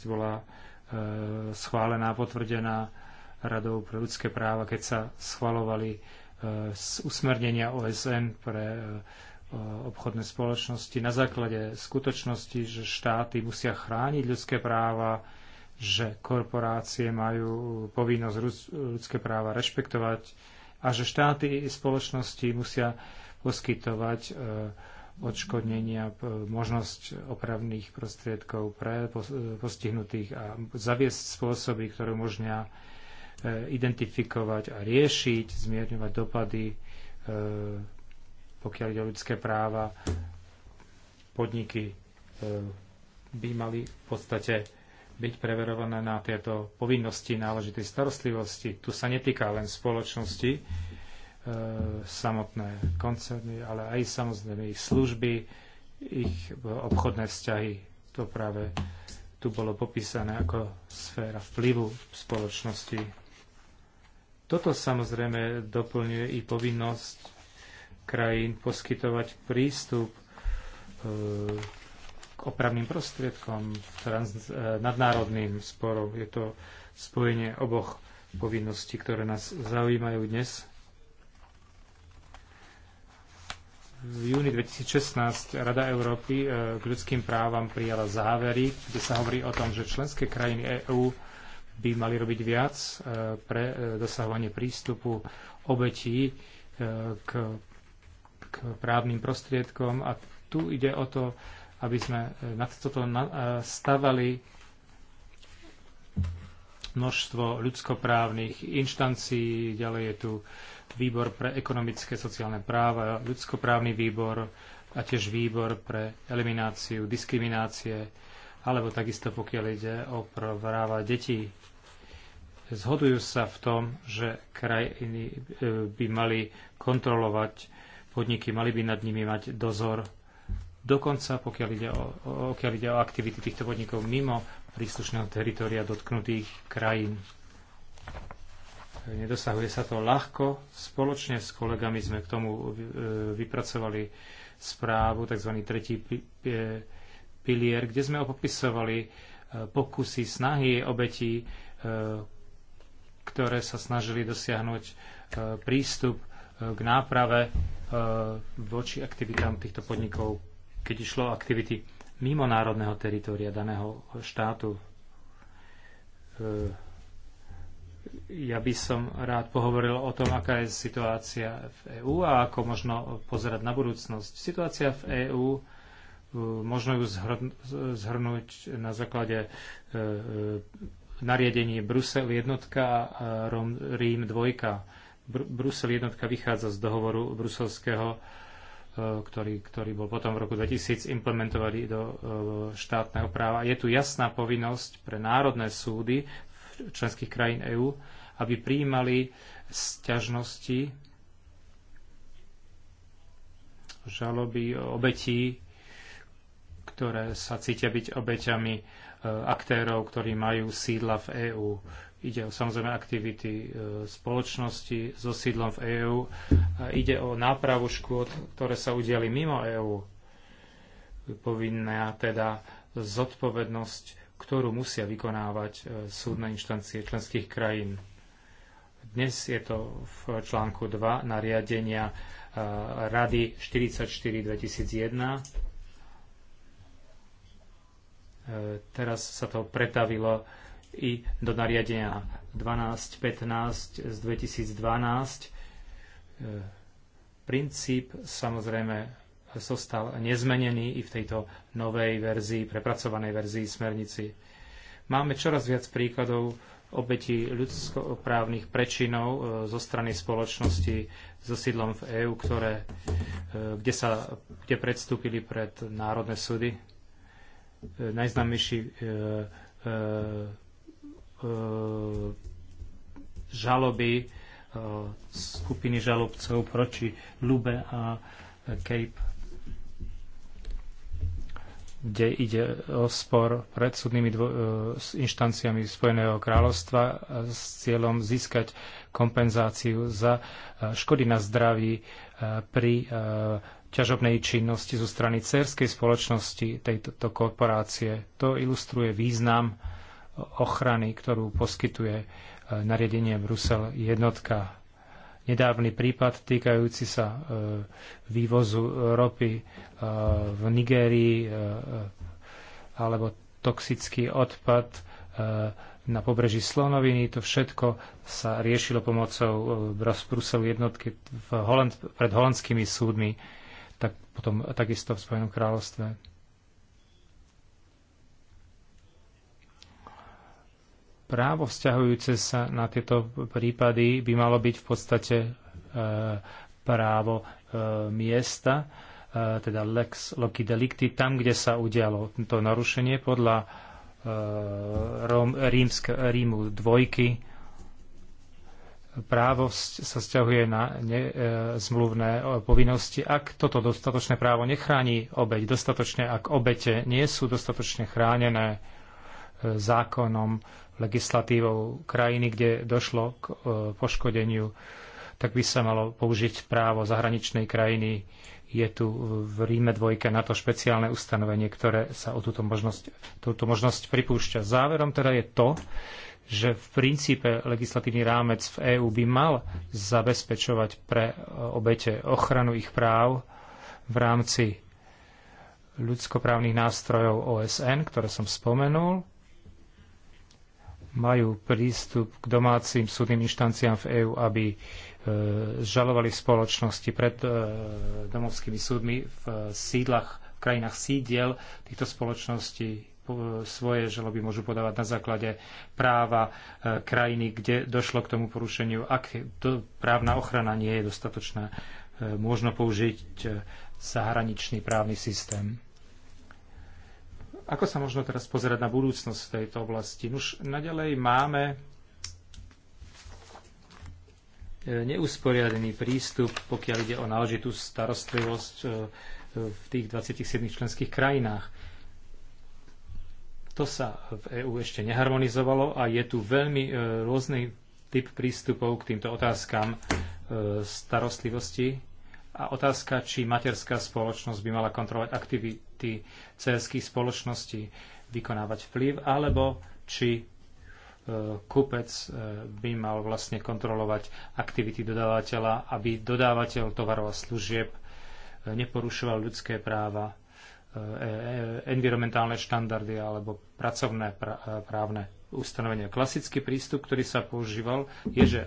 bola e, schválená, potvrdená Radou pre ľudské práva, keď sa schvalovali z usmernenia OSN pre obchodné spoločnosti na základe skutočnosti, že štáty musia chrániť ľudské práva, že korporácie majú povinnosť ľudské práva rešpektovať a že štáty i spoločnosti musia poskytovať e, odškodnenia, e, možnosť opravných prostriedkov pre e, postihnutých a zaviesť spôsoby, ktoré umožňa identifikovať a riešiť, zmierňovať dopady, pokiaľ ide o ľudské práva. Podniky by mali v podstate byť preverované na tieto povinnosti náležitej starostlivosti. Tu sa netýka len spoločnosti, e, samotné koncerny, ale aj samozrejme ich služby, ich obchodné vzťahy. To práve tu bolo popísané ako sféra vplyvu spoločnosti. Toto samozrejme doplňuje i povinnosť krajín poskytovať prístup e, opravným prostriedkom trans, eh, nadnárodným sporov. Je to spojenie oboch povinností, ktoré nás zaujímajú dnes. V júni 2016 Rada Európy eh, k ľudským právam prijala závery, kde sa hovorí o tom, že členské krajiny EÚ by mali robiť viac eh, pre dosahovanie prístupu obetí k, k právnym prostriedkom a tu ide o to aby sme e, na toto e, stavali množstvo ľudskoprávnych inštancií, ďalej je tu výbor pre ekonomické sociálne práva, ľudskoprávny výbor a tiež výbor pre elimináciu diskriminácie, alebo takisto pokiaľ ide o práva detí. Zhodujú sa v tom, že krajiny e, by mali kontrolovať podniky, mali by nad nimi mať dozor dokonca pokiaľ ide o, pokiaľ ide o aktivity týchto podnikov mimo príslušného teritoria dotknutých krajín. Nedosahuje sa to ľahko. Spoločne s kolegami sme k tomu e, vypracovali správu, tzv. tretí e, pilier, kde sme opisovali e, pokusy, snahy obetí, ktoré sa snažili dosiahnuť prístup k náprave voči aktivitám týchto podnikov keď išlo o aktivity mimo národného teritória daného štátu. E, ja by som rád pohovoril o tom, aká je situácia v EÚ a ako možno pozerať na budúcnosť. Situácia v EÚ e, možno ju zhrnúť na základe e, nariadení Brusel jednotka a Rím dvojka. Brusel jednotka vychádza z dohovoru bruselského E, ktorý, ktorý bol potom v roku 2000 implementovaný do e, štátneho práva. Je tu jasná povinnosť pre národné súdy v členských krajín EÚ, aby prijímali sťažnosti žaloby obetí, ktoré sa cítia byť obeťami e, aktérov, ktorí majú sídla v EÚ. Ide o samozrejme aktivity e, spoločnosti so sídlom v EÚ. Ide o nápravu škôd, ktoré sa udiali mimo EÚ. Povinná teda zodpovednosť, ktorú musia vykonávať e, súdne inštancie členských krajín. Dnes je to v článku 2 nariadenia e, Rady 44 2001 teraz sa to pretavilo i do nariadenia 1215 z 2012. E, princíp samozrejme zostal nezmenený i v tejto novej verzii, prepracovanej verzii smernici. Máme čoraz viac príkladov obeti ľudskoprávnych prečinov e, zo strany spoločnosti so sídlom v EÚ, ktoré, e, kde, sa, kde predstúpili pred národné súdy. Najznámejší E, žaloby e, skupiny žalobcov proti Lube a Cape kde ide o spor pred súdnymi dvo- e, s inštanciami Spojeného kráľovstva s cieľom získať kompenzáciu za škody na zdraví pri ťažobnej činnosti zo strany cerskej spoločnosti tejto korporácie. To ilustruje význam ochrany, ktorú poskytuje e, nariadenie Brusel jednotka. Nedávny prípad týkajúci sa e, vývozu ropy e, v Nigérii alebo toxický odpad na pobreží Slonoviny. To všetko sa riešilo pomocou Brusel jednotky v Holand, pred holandskými súdmi, tak potom takisto v Spojenom kráľovstve právo vzťahujúce sa na tieto prípady by malo byť v podstate e, právo e, miesta, e, teda lex loci delicti, tam, kde sa udialo to narušenie podľa Róm, rímsk, Rímu dvojky. Právo sa vzťahuje na ne, zmluvné povinnosti, ak toto dostatočné právo nechráni obeď dostatočne, ak obete nie sú dostatočne chránené zákonom legislatívou krajiny, kde došlo k e, poškodeniu, tak by sa malo použiť právo zahraničnej krajiny. Je tu v Ríme dvojke na to špeciálne ustanovenie, ktoré sa o túto možnosť, túto možnosť pripúšťa. Záverom teda je to, že v princípe legislatívny rámec v EÚ by mal zabezpečovať pre e, obete ochranu ich práv v rámci ľudskoprávnych nástrojov OSN, ktoré som spomenul, majú prístup k domácim súdnym inštanciám v EÚ, aby e, žalovali spoločnosti pred e, domovskými súdmi v e, sídlach, v krajinách sídiel týchto spoločností svoje žaloby môžu podávať na základe práva krajiny, kde došlo k tomu porušeniu. Ak to právna ochrana nie je dostatočná, možno použiť zahraničný právny systém. Ako sa možno teraz pozerať na budúcnosť v tejto oblasti? Už naďalej máme e, neusporiadený prístup, pokiaľ ide o náležitú starostlivosť e, v tých 27 členských krajinách. To sa v EÚ ešte neharmonizovalo a je tu veľmi e, rôzny typ prístupov k týmto otázkam starostlivosti a otázka, či materská spoločnosť by mala kontrolovať aktivity cerských spoločností, vykonávať vplyv, alebo či e, kúpec e, by mal vlastne kontrolovať aktivity dodávateľa, aby dodávateľ tovarov a služieb e, neporušoval ľudské práva, environmentálne štandardy alebo pracovné právne ustanovenia. Klasický prístup, ktorý sa používal, je, že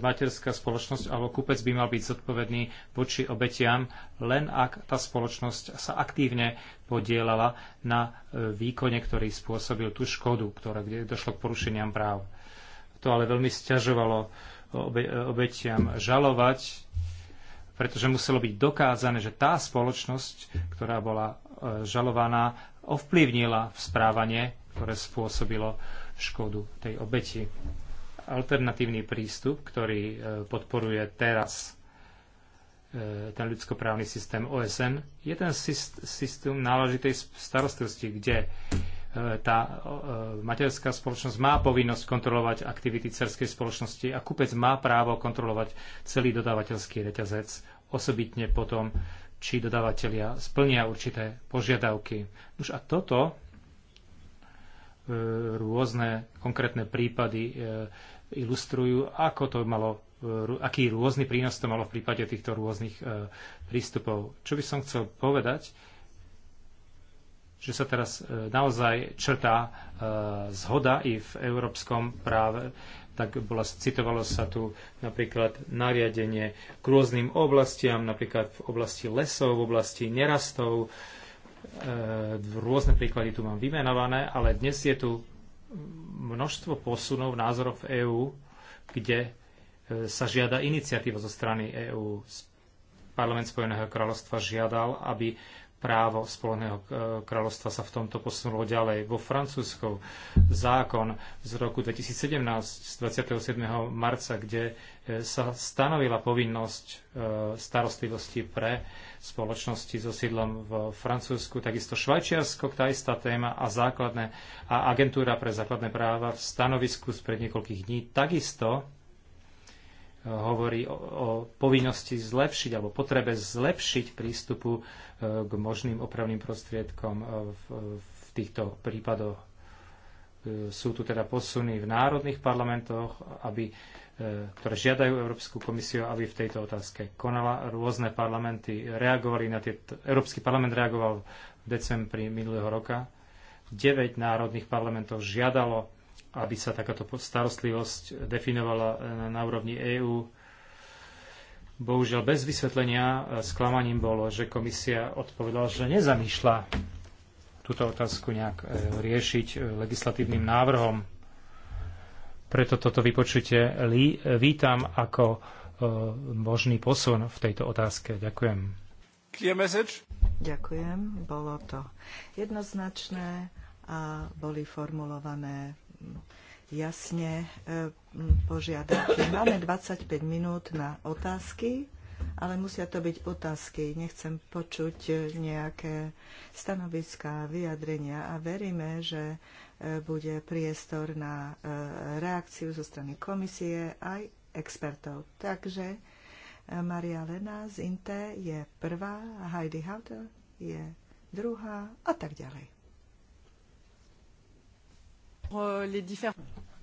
materská spoločnosť alebo kúpec by mal byť zodpovedný voči obetiam, len ak tá spoločnosť sa aktívne podielala na e, výkone, ktorý spôsobil tú škodu, ktorá, kde došlo k porušeniam práv. To ale veľmi stiažovalo e, obe, e, obetiam žalovať, pretože muselo byť dokázané, že tá spoločnosť, ktorá bola žalovaná, ovplyvnila správanie ktoré spôsobilo škodu tej obeti. Alternatívny prístup, ktorý e, podporuje teraz e, ten ľudskoprávny systém OSN, je ten systém náležitej starostlivosti, kde e, tá materská spoločnosť má povinnosť kontrolovať aktivity cerskej spoločnosti a kupec má právo kontrolovať celý dodávateľský reťazec, osobitne potom, či dodávateľia splnia určité požiadavky. Už a toto E, rôzne konkrétne prípady e, ilustrujú, ako to malo, e, aký rôzny prínos to malo v prípade týchto rôznych prístupov. Čo by som chcel povedať, že sa teraz naozaj črtá zhoda i v európskom práve, tak bola, citovalo sa tu napríklad nariadenie k rôznym oblastiam, napríklad v oblasti lesov, v oblasti nerastov, E, rôzne príklady tu mám vymenované, ale dnes je tu množstvo posunov v názoroch v EÚ, kde e, sa žiada iniciatíva zo strany EÚ. Parlament Spojeného kráľovstva žiadal, aby právo Spoleného e, kráľovstva sa v tomto posunulo ďalej. Vo Francúzsku zákon z roku 2017 z 27. marca, kde e, sa stanovila povinnosť e, starostlivosti pre spoločnosti so sídlom v Francúzsku, takisto Švajčiarsko, tá istá téma a, základné, a agentúra pre základné práva v stanovisku spred niekoľkých dní takisto hovorí o, o povinnosti zlepšiť alebo potrebe zlepšiť prístupu e, k možným opravným prostriedkom e, v, v týchto prípadoch. E, sú tu teda posuny v národných parlamentoch, aby, ktoré žiadajú Európsku komisiu, aby v tejto otázke konala. Rôzne parlamenty reagovali na tieto... Európsky parlament reagoval v decembri minulého roka. 9 národných parlamentov žiadalo aby sa takáto starostlivosť definovala e, na úrovni EÚ. Bohužiaľ, bez vysvetlenia e, sklamaním bolo, že komisia odpovedala, že nezamýšľa túto otázku nejak e, riešiť legislatívnym návrhom. Preto toto vypočutie vítam ako možný posun v tejto otázke. Ďakujem. Ďakujem, bolo to jednoznačné a boli formulované jasne e, požiadavky. Máme 25 minút na otázky, ale musia to byť otázky. Nechcem počuť e, nejaké stanoviská, vyjadrenia a veríme, že e, bude priestor na reakciu zo strany komisie aj expertov. Takže Maria Lena z INTE je prvá, Heidi Hauter je druhá a tak ďalej.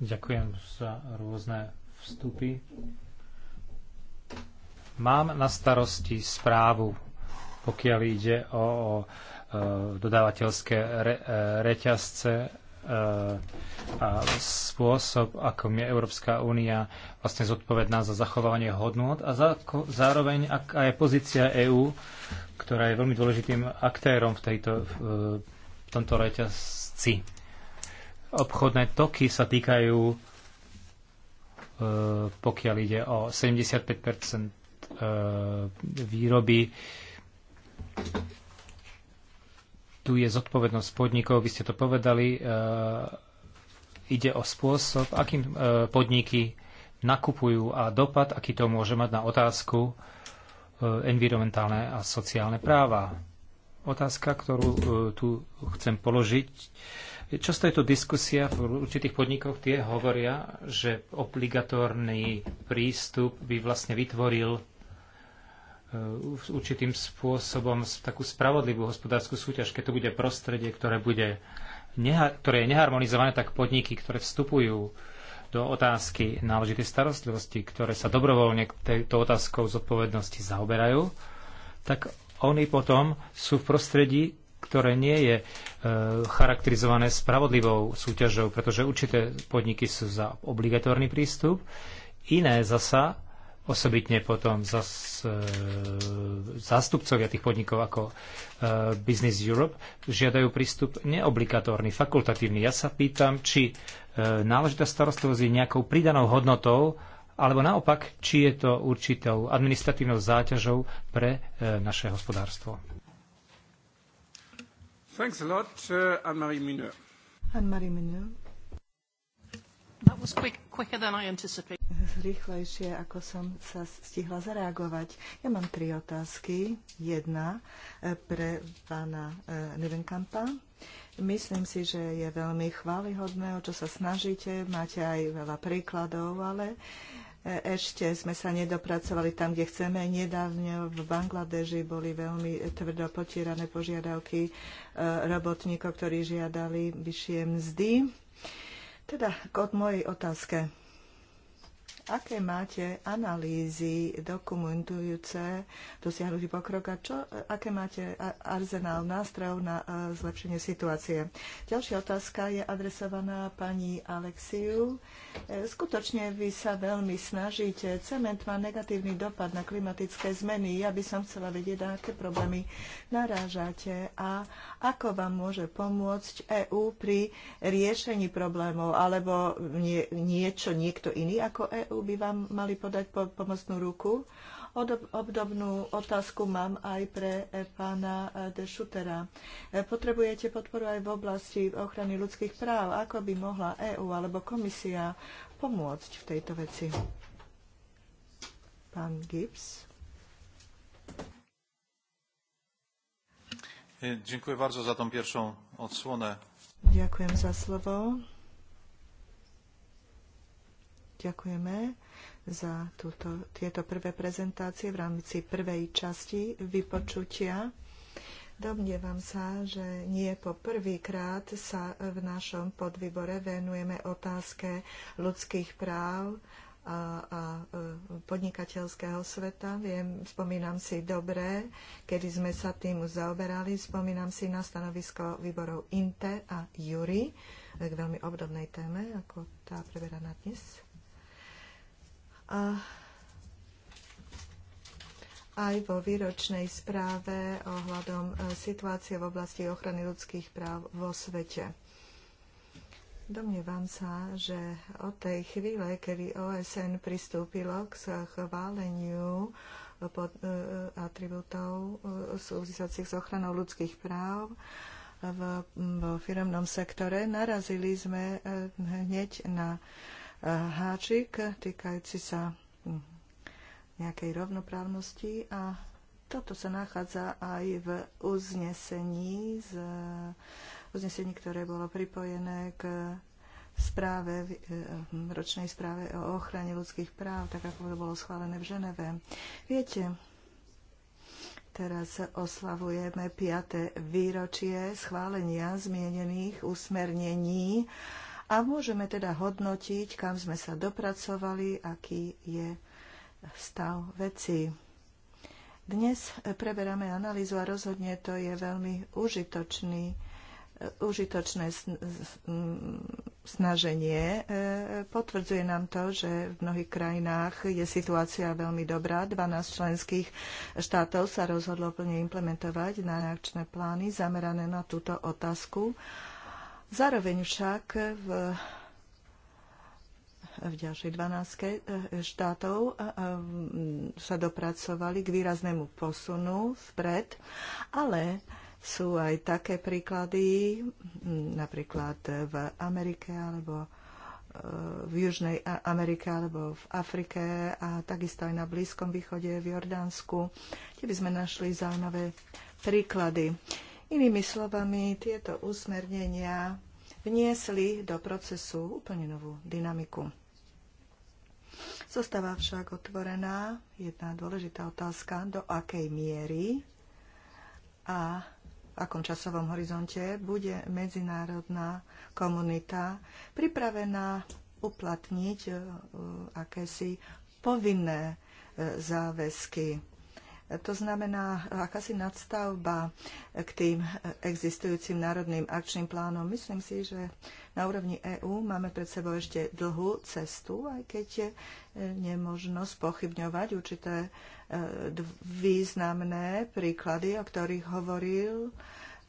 Ďakujem za rôzne vstupy. Mám na starosti správu, pokiaľ ide o, o e, dodávateľské re, e, reťazce e, a spôsob, ako je Európska únia vlastne zodpovedná za zachovanie hodnot a za, zároveň aká je pozícia EÚ, ktorá je veľmi dôležitým aktérom v, tejto, v tomto reťazci obchodné toky sa týkajú, e, pokiaľ ide o 75 e, výroby. Tu je zodpovednosť podnikov, vy ste to povedali. E, ide o spôsob, akým podniky nakupujú a dopad, aký to môže mať na otázku environmentálne a sociálne práva. Otázka, ktorú tu chcem položiť, Často je to diskusia v určitých podnikoch, tie hovoria, že obligatórny prístup by vlastne vytvoril e, určitým spôsobom takú spravodlivú hospodárskú súťaž, keď to bude prostredie, ktoré, bude, ktoré je neharmonizované, tak podniky, ktoré vstupujú do otázky náležitej starostlivosti, ktoré sa dobrovoľne k tejto otázkou zodpovednosti zaoberajú, tak oni potom sú v prostredí, ktoré nie je e, charakterizované spravodlivou súťažou, pretože určité podniky sú za obligatórny prístup, iné zasa osobitne potom zas, e, zástupcovia tých podnikov ako e, Business Europe žiadajú prístup neobligatórny, fakultatívny. Ja sa pýtam, či e, náležitá starostlivosť je nejakou pridanou hodnotou, alebo naopak, či je to určitou administratívnou záťažou pre e, naše hospodárstvo. Thanks a lot, uh, Anne-Marie Mineur. Anne-Marie Mineur. That was quick, quicker than I anticipated. [laughs] Rýchlejšie, ako som sa stihla zareagovať. Ja mám tri otázky. Jedna eh, pre pána eh, Nevenkampa. Myslím si, že je veľmi chválihodné, o čo sa snažíte. Máte aj veľa príkladov, ale uh, ešte sme sa nedopracovali tam, kde chceme. Nedávne v Bangladeži boli veľmi tvrdo potierané požiadavky e, robotníkov, ktorí žiadali vyššie mzdy. Teda k mojej otázke aké máte analýzy dokumentujúce dosiahnutý pokrok a čo, aké máte arzenál nástrojov na e, zlepšenie situácie. Ďalšia otázka je adresovaná pani Alexiu. E, skutočne vy sa veľmi snažíte. Cement má negatívny dopad na klimatické zmeny. Ja by som chcela vedieť, na aké problémy narážate a ako vám môže pomôcť EÚ pri riešení problémov? Alebo nie, niečo, niekto iný ako EÚ by vám mali podať po, pomocnú ruku? Obdobnú otázku mám aj pre e, pána e, De Šutera. E, potrebujete podporu aj v oblasti ochrany ľudských práv. Ako by mohla EÚ alebo komisia pomôcť v tejto veci? Pán Gibbs. Dziękuję bardzo za tą pierwszą odsłonę. Ďakujem za slovo. Ďakujeme za túto, tieto prvé prezentácie v rámci prvej časti vypočutia. Domnievam sa, že nie po prvýkrát sa v našom podvýbore venujeme otázke ľudských práv a, a e, podnikateľského sveta. Viem, spomínam si dobre, kedy sme sa tým zaoberali. Spomínam si na stanovisko výborov INTE a JURY k veľmi obdobnej téme, ako tá preberaná dnes. A aj vo výročnej správe ohľadom e, situácie v oblasti ochrany ľudských práv vo svete Domnievam sa, že od tej chvíle, kedy OSN pristúpilo k schváleniu pod, e, atribútov e, súvisiacich s ochranou ľudských práv, v, v firemnom sektore, narazili sme e, hneď na háčik týkajúci sa hm, nejakej rovnoprávnosti a toto sa nachádza aj v uznesení z uznesení, ktoré bolo pripojené k správe, e, ročnej správe o ochrane ľudských práv, tak ako to bolo schválené v Ženeve. Viete, teraz oslavujeme 5. výročie schválenia zmienených usmernení a môžeme teda hodnotiť, kam sme sa dopracovali, aký je stav veci. Dnes preberáme analýzu a rozhodne to je veľmi užitočný užitočné snaženie. E, potvrdzuje nám to, že v mnohých krajinách je situácia veľmi dobrá. 12 členských štátov sa rozhodlo plne implementovať na reakčné plány zamerané na túto otázku. Zároveň však v v ďalšej 12 štátov e, e, sa dopracovali k výraznému posunu vpred, ale sú aj také príklady, napríklad v Amerike alebo e, v Južnej Amerike alebo v Afrike a takisto aj na Blízkom východe v Jordánsku, kde by sme našli zaujímavé príklady. Inými slovami, tieto usmernenia vniesli do procesu úplne novú dynamiku. Zostáva však otvorená jedna dôležitá otázka, do akej miery a akom časovom horizonte bude medzinárodná komunita pripravená uplatniť eh, akési povinné eh, záväzky to znamená akási nadstavba k tým existujúcim národným akčným plánom. Myslím si, že na úrovni EÚ máme pred sebou ešte dlhú cestu, aj keď je nemožno spochybňovať určité e, významné príklady, o ktorých hovoril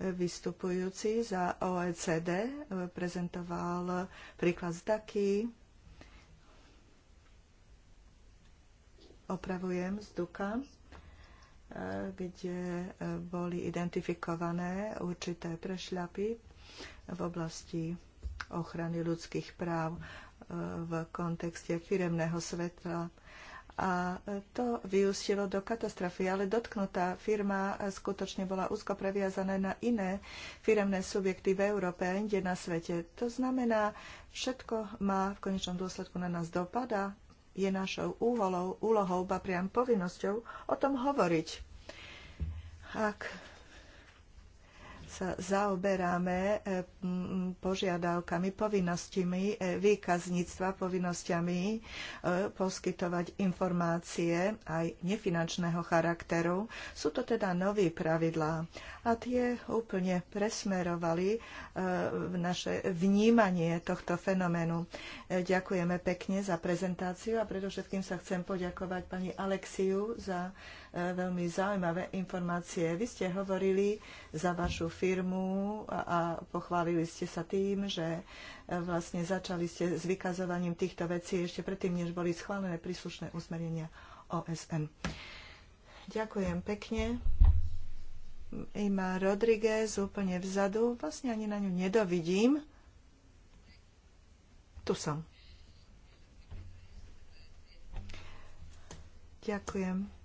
vystupujúci za OECD. Prezentoval príklad z Daky, opravujem z Duka kde eh, boli identifikované určité prešľapy v oblasti ochrany ľudských práv eh, v kontexte firemného sveta. A eh, to vyústilo do katastrofy, ale dotknutá firma skutočne bola úzko previazaná na iné firemné subjekty v Európe a inde na svete. To znamená, všetko má v konečnom dôsledku na nás a je našou úlohou, úlohou, ba priam povinnosťou o tom hovoriť. Ak sa zaoberáme e, požiadavkami, povinnosťami e, výkazníctva, povinnosťami e, poskytovať informácie aj nefinančného charakteru. Sú to teda nové pravidlá a tie úplne presmerovali naše vnímanie tohto fenoménu. Ďakujeme pekne za prezentáciu a predovšetkým sa chcem poďakovať pani Alexiu za E, veľmi zaujímavé informácie. Vy ste hovorili za vašu firmu a pochválili ste sa tým, že e, vlastne začali ste s vykazovaním týchto vecí ešte predtým, než boli schválené príslušné usmerenia OSN. Ďakujem pekne. Ima Rodriguez úplne vzadu. Vlastne ani na ňu nedovidím. Tu som. Ďakujem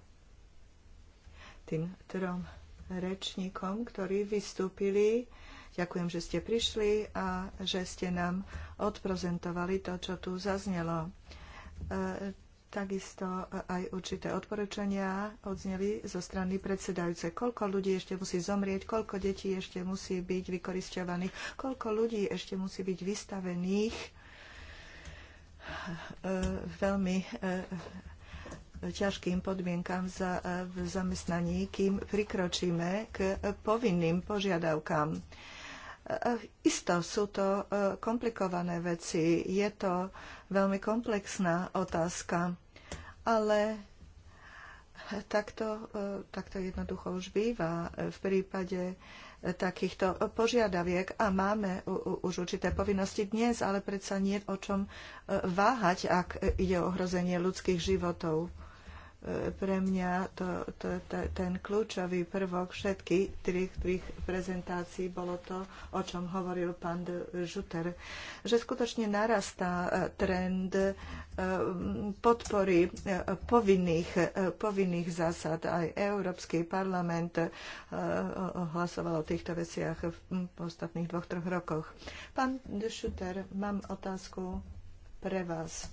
tým trom rečníkom, ktorí vystúpili. Ďakujem, že ste prišli a že ste nám odprezentovali to, čo tu zaznelo. E, takisto aj určité odporúčania odzneli zo strany predsedajúce. Koľko ľudí ešte musí zomrieť, koľko detí ešte musí byť vykoristovaných, koľko ľudí ešte musí byť vystavených e, veľmi e, ťažkým podmienkam za, v zamestnaní, kým prikročíme k povinným požiadavkám. Isto sú to e, komplikované veci, je to veľmi komplexná otázka, ale takto, e, takto jednoducho už býva v prípade e, takýchto požiadaviek a máme už určité povinnosti dnes, ale predsa nie o čom váhať, ak ide o ohrozenie ľudských životov pre mňa to, to, to, ten kľúčový prvok všetkých tých, tých prezentácií bolo to, o čom hovoril pán Žuter, že skutočne narastá e, trend e, podpory e, povinných, povinných zásad. Aj Európsky parlament hlasoval o týchto veciach v ostatných dvoch, troch rokoch. Pán Šuter, mám otázku pre vás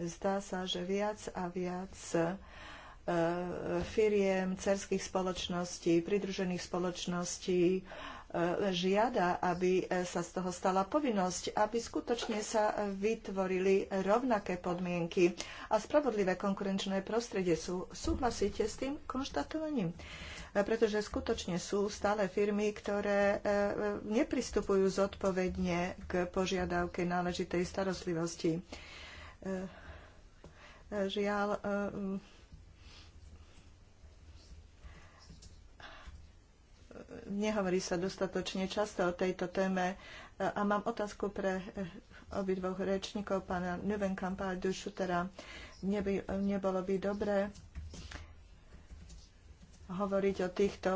zdá sa, že viac a viac e, firiem, cerských spoločností, pridružených spoločností e, žiada, aby e, sa z toho stala povinnosť, aby skutočne sa vytvorili rovnaké podmienky a spravodlivé konkurenčné prostredie. Sú, súhlasíte s tým konštatovaním? pretože skutočne sú stále firmy, ktoré nepristupujú zodpovedne k požiadavke náležitej starostlivosti žiaľ eh, mm, nehovorí sa dostatočne často o tejto téme eh, a mám otázku pre eh, obidvoch rečníkov, pána Nevenkampa a Dušutera. Neby, nebolo by dobré hovoriť o týchto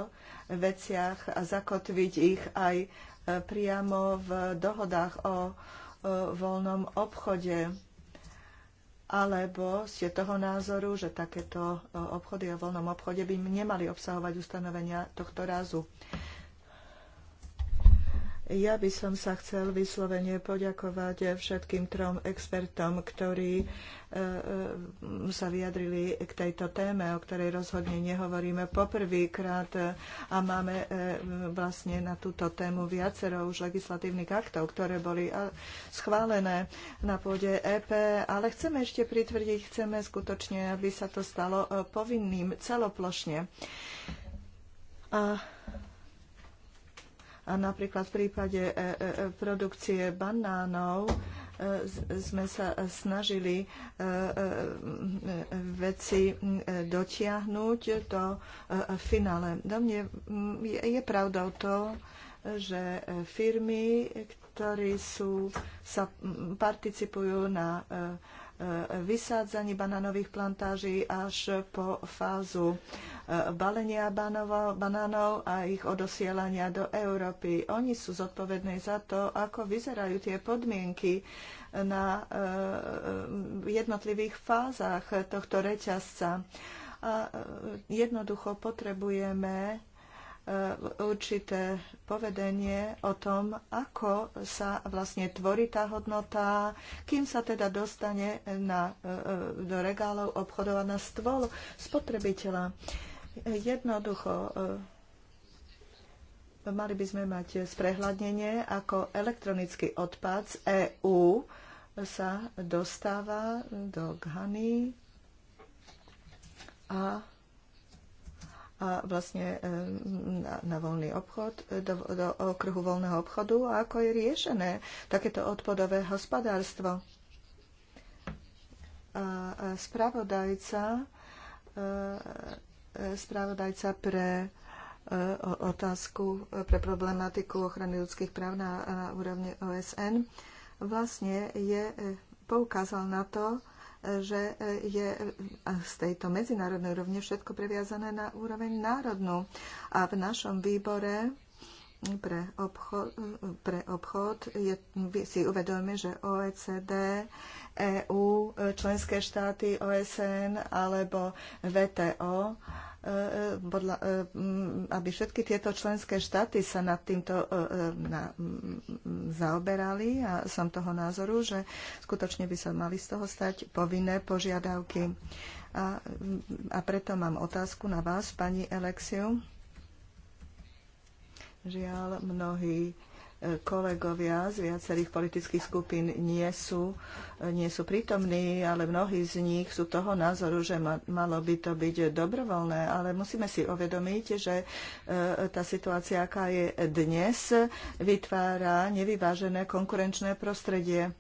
veciach a zakotviť ich aj priamo v dohodách o voľnom obchode alebo ste toho názoru, že takéto e, obchody o voľnom obchode by nemali obsahovať ustanovenia tohto razu. Ja by som sa chcel vyslovene poďakovať všetkým trom expertom, ktorí e, e, sa vyjadrili k tejto téme, o ktorej rozhodne nehovoríme poprvýkrát e, a máme vlastne na túto tému viacero už legislatívnych aktov, ktoré boli schválené na pôde EP, ale chceme ešte pritvrdiť, chceme skutočne, aby sa to stalo povinným celoplošne. A a napríklad v prípade e, e, e, produkcie banánov sme sa snažili veci dotiahnuť do finále. Do mne je pravdou to, že firmy, ktorí sú, sa participujú na vysádzaní banánových plantáží až po fázu e, balenia banánov a ich odosielania do Európy. Oni sú zodpovední za to, ako vyzerajú tie podmienky na e, jednotlivých fázach tohto reťazca. A e, jednoducho potrebujeme určité povedenie o tom, ako sa vlastne tvorí tá hodnota, kým sa teda dostane na, e, e, do regálov a na stôl spotrebiteľa. Jednoducho e, mali by sme mať sprehľadnenie, ako elektronický odpad z EÚ sa dostáva do Ghany a a vlastne e, na, na voľný obchod, e, do, do okruhu voľného obchodu a ako je riešené takéto odpadové hospodárstvo. A, a spravodajca, a e, spravodajca pre otázku pre problematiku ochrany ľudských práv na, na úrovni OSN, vlastne je, poukázal na to, že e, je e, z tejto medzinárodnej úrovne všetko previazané na úroveň národnú. A v našom výbore pre obchod, pre obchod je, si uvedomíme, že OECD, EU, e, členské štáty, OSN alebo VTO E, e, e, aby všetky tieto členské štáty sa nad týmto zaoberali a som toho názoru, že skutočne by sa mali z toho stať povinné požiadavky. A, a preto mám otázku na vás, pani Elexiu. Žiaľ, mnohí kolegovia z viacerých politických skupín nie sú, nie sú prítomní, ale mnohí z nich sú toho názoru, že ma, malo by to byť dobrovoľné, ale musíme si uvedomiť, že e, tá situácia, aká je dnes, vytvára nevyvážené konkurenčné prostredie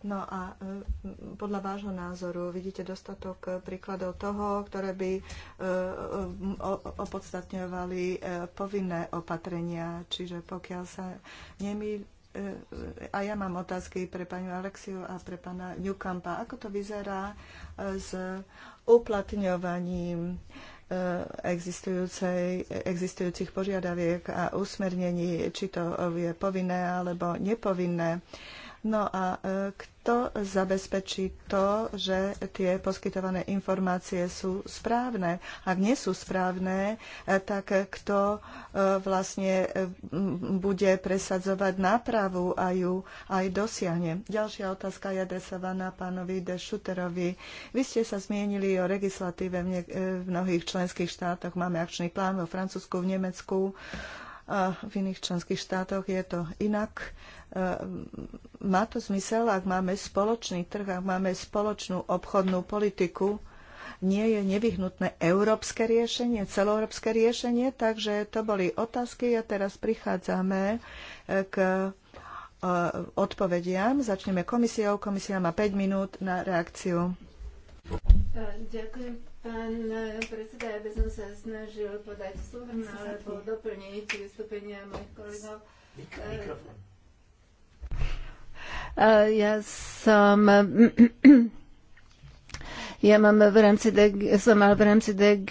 No a mm, podľa vášho názoru vidíte dostatok eh, príkladov toho, ktoré by eh, mm, opodstatňovali eh, povinné opatrenia, čiže pokiaľ sa nemý... a ja mám otázky pre pani Alexiu a pre pána Newcampa, Ako to vyzerá s uplatňovaním existujúcich požiadaviek a usmernení, či to je povinné alebo nepovinné? Uh, No a e, kto zabezpečí to, že tie poskytované informácie sú správne? Ak nie sú správne, e, tak kto e, vlastne bude presadzovať nápravu a ju aj dosiahne? Ďalšia otázka je adresovaná pánovi De Šuterovi. Vy ste sa zmienili o legislatíve v mnohých členských štátoch. Máme akčný plán vo Francúzsku, v Nemecku a v iných členských štátoch je to inak. E, má to zmysel, ak máme spoločný trh, ak máme spoločnú obchodnú politiku, nie je nevyhnutné európske riešenie, celoeurópske riešenie, takže to boli otázky a teraz prichádzame e, k e, odpovediam. Začneme komisiou. Komisia má 5 minút na reakciu. Ďakujem Pán eh, predseda, ja by som sa snažil podať súhrn alebo doplniť vystúpenia mojich kolegov. Mikrofón. Eh, eh, ja som ja mám v rámci DG, som mal v rámci DG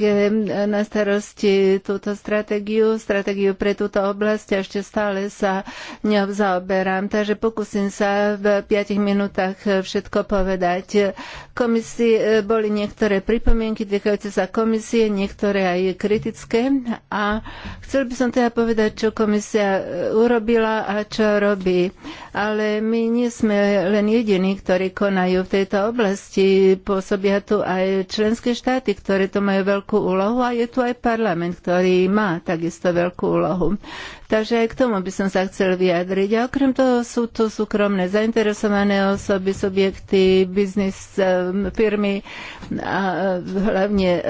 na starosti túto stratégiu, stratégiu pre túto oblasť a ešte stále sa ňou zaoberám. Takže pokúsim sa v 5 minútach všetko povedať. Komisie, boli niektoré pripomienky týkajúce sa komisie, niektoré aj kritické a chcel by som teda povedať, čo komisia urobila a čo robí. Ale my nie sme len jediní, ktorí konajú v tejto oblasti. Po pôsobia tu aj členské štáty, ktoré to majú veľkú úlohu a je tu aj parlament, ktorý má takisto veľkú úlohu. Takže aj k tomu by som sa chcel vyjadriť. A okrem toho sú tu súkromné zainteresované osoby, subjekty, biznis, eh, firmy a eh, hlavne eh,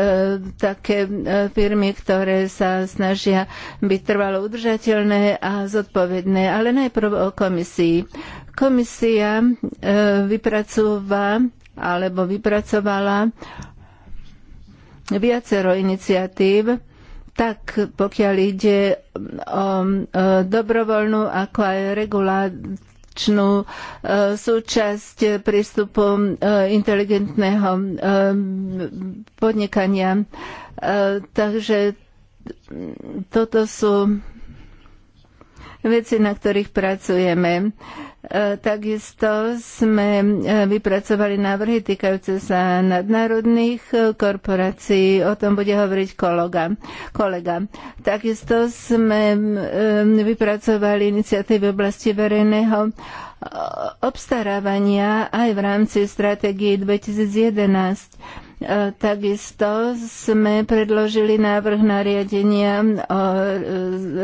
také firmy, ktoré sa snažia byť trvalo udržateľné a zodpovedné. Ale najprv o komisii. Komisia vypracúva alebo vypracovala viacero iniciatív, tak pokiaľ ide o dobrovoľnú ako aj regulačnú e, súčasť prístupu e, inteligentného e, podnikania. Takže toto sú veci, na ktorých pracujeme. E, takisto sme e, vypracovali návrhy týkajúce sa nadnárodných e, korporácií. O tom bude hovoriť kolega. kolega. Takisto sme vypracovali iniciatívy v oblasti verejného obstarávania aj v rámci stratégie 2011 E, takisto sme predložili návrh nariadenia o e,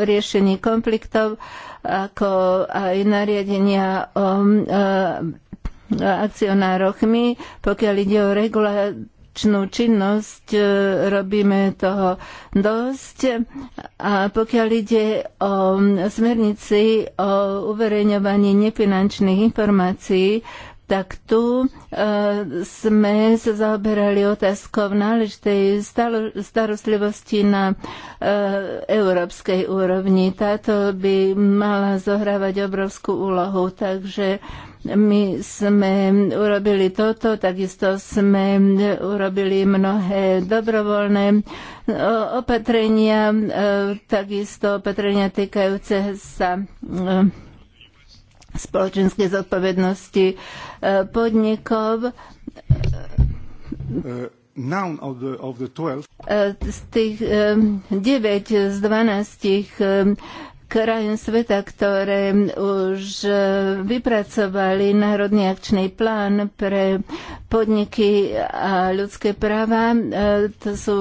riešení konfliktov, ako aj nariadenia e, o akcionároch. My, pokiaľ ide o regulačnú činnosť, robíme toho dosť. A pokiaľ ide o smernici o uverejňovaní nefinančných informácií, tak tu e, sme sa zaoberali otázkou náležitej starostlivosti na e, európskej úrovni. Táto by mala zohrávať obrovskú úlohu, takže my sme urobili toto, takisto sme urobili mnohé dobrovoľné e, opatrenia, e, takisto opatrenia týkajúce sa e, spoločenskej zodpovednosti e, podnikov. E, None of the, of the 12. E, z tých 9 z 12 krajín sveta, ktoré už vypracovali národný akčný plán pre podniky a ľudské práva. To sú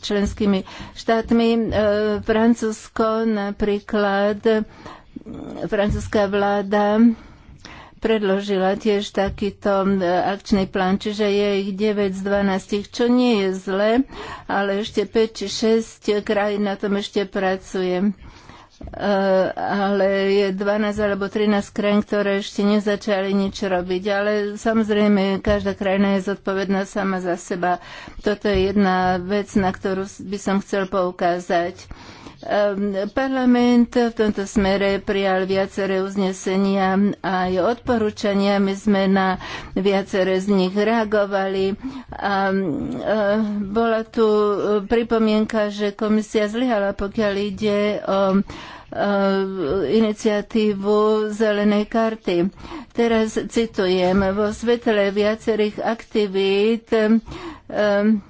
členskými štátmi. Francúzsko napríklad francúzska vláda predložila tiež takýto e, akčný plán, čiže je ich 9 z 12, čo nie je zle, ale ešte 5 či 6 krajín na tom ešte pracuje. E, ale je 12 alebo 13 krajín, ktoré ešte nezačali nič robiť. Ale samozrejme, každá krajina je zodpovedná sama za seba. Toto je jedna vec, na ktorú by som chcel poukázať Parlament v tomto smere prijal viaceré uznesenia a aj odporúčania. My sme na viaceré z nich reagovali a eh, bola tu pripomienka, že komisia zlyhala, pokiaľ ide o eh, iniciatívu zelenej karty. Teraz citujem, vo svetle viacerých aktivít um,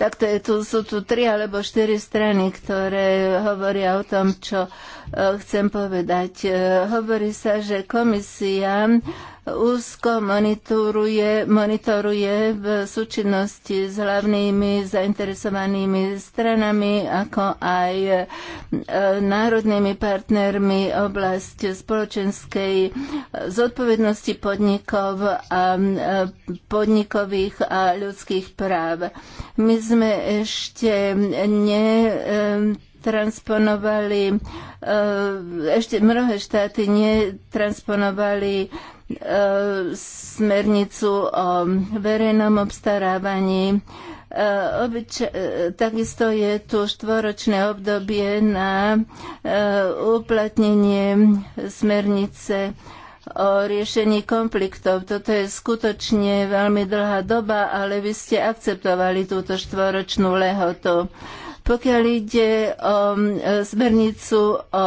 takto je tu, sú tu tri alebo štyri strany, ktoré hovoria o tom, čo e, chcem povedať. E, hovorí sa, že komisia úzko monitoruje, monitoruje v súčinnosti s hlavnými zainteresovanými stranami, ako aj e, národnými partnermi oblasti spoločenskej e, zodpovednosti podnikov a e, podnikových a ľudských práv. My sme ešte ne transponovali, ešte mnohé štáty netransponovali E, smernicu o verejnom obstarávaní. E, e, takisto je tu štvoročné obdobie na uplatnenie smernice o riešení konfliktov. Toto je skutočne veľmi dlhá doba, ale vy ste akceptovali túto štvoročnú lehotu. Pokiaľ ide o um, smernicu o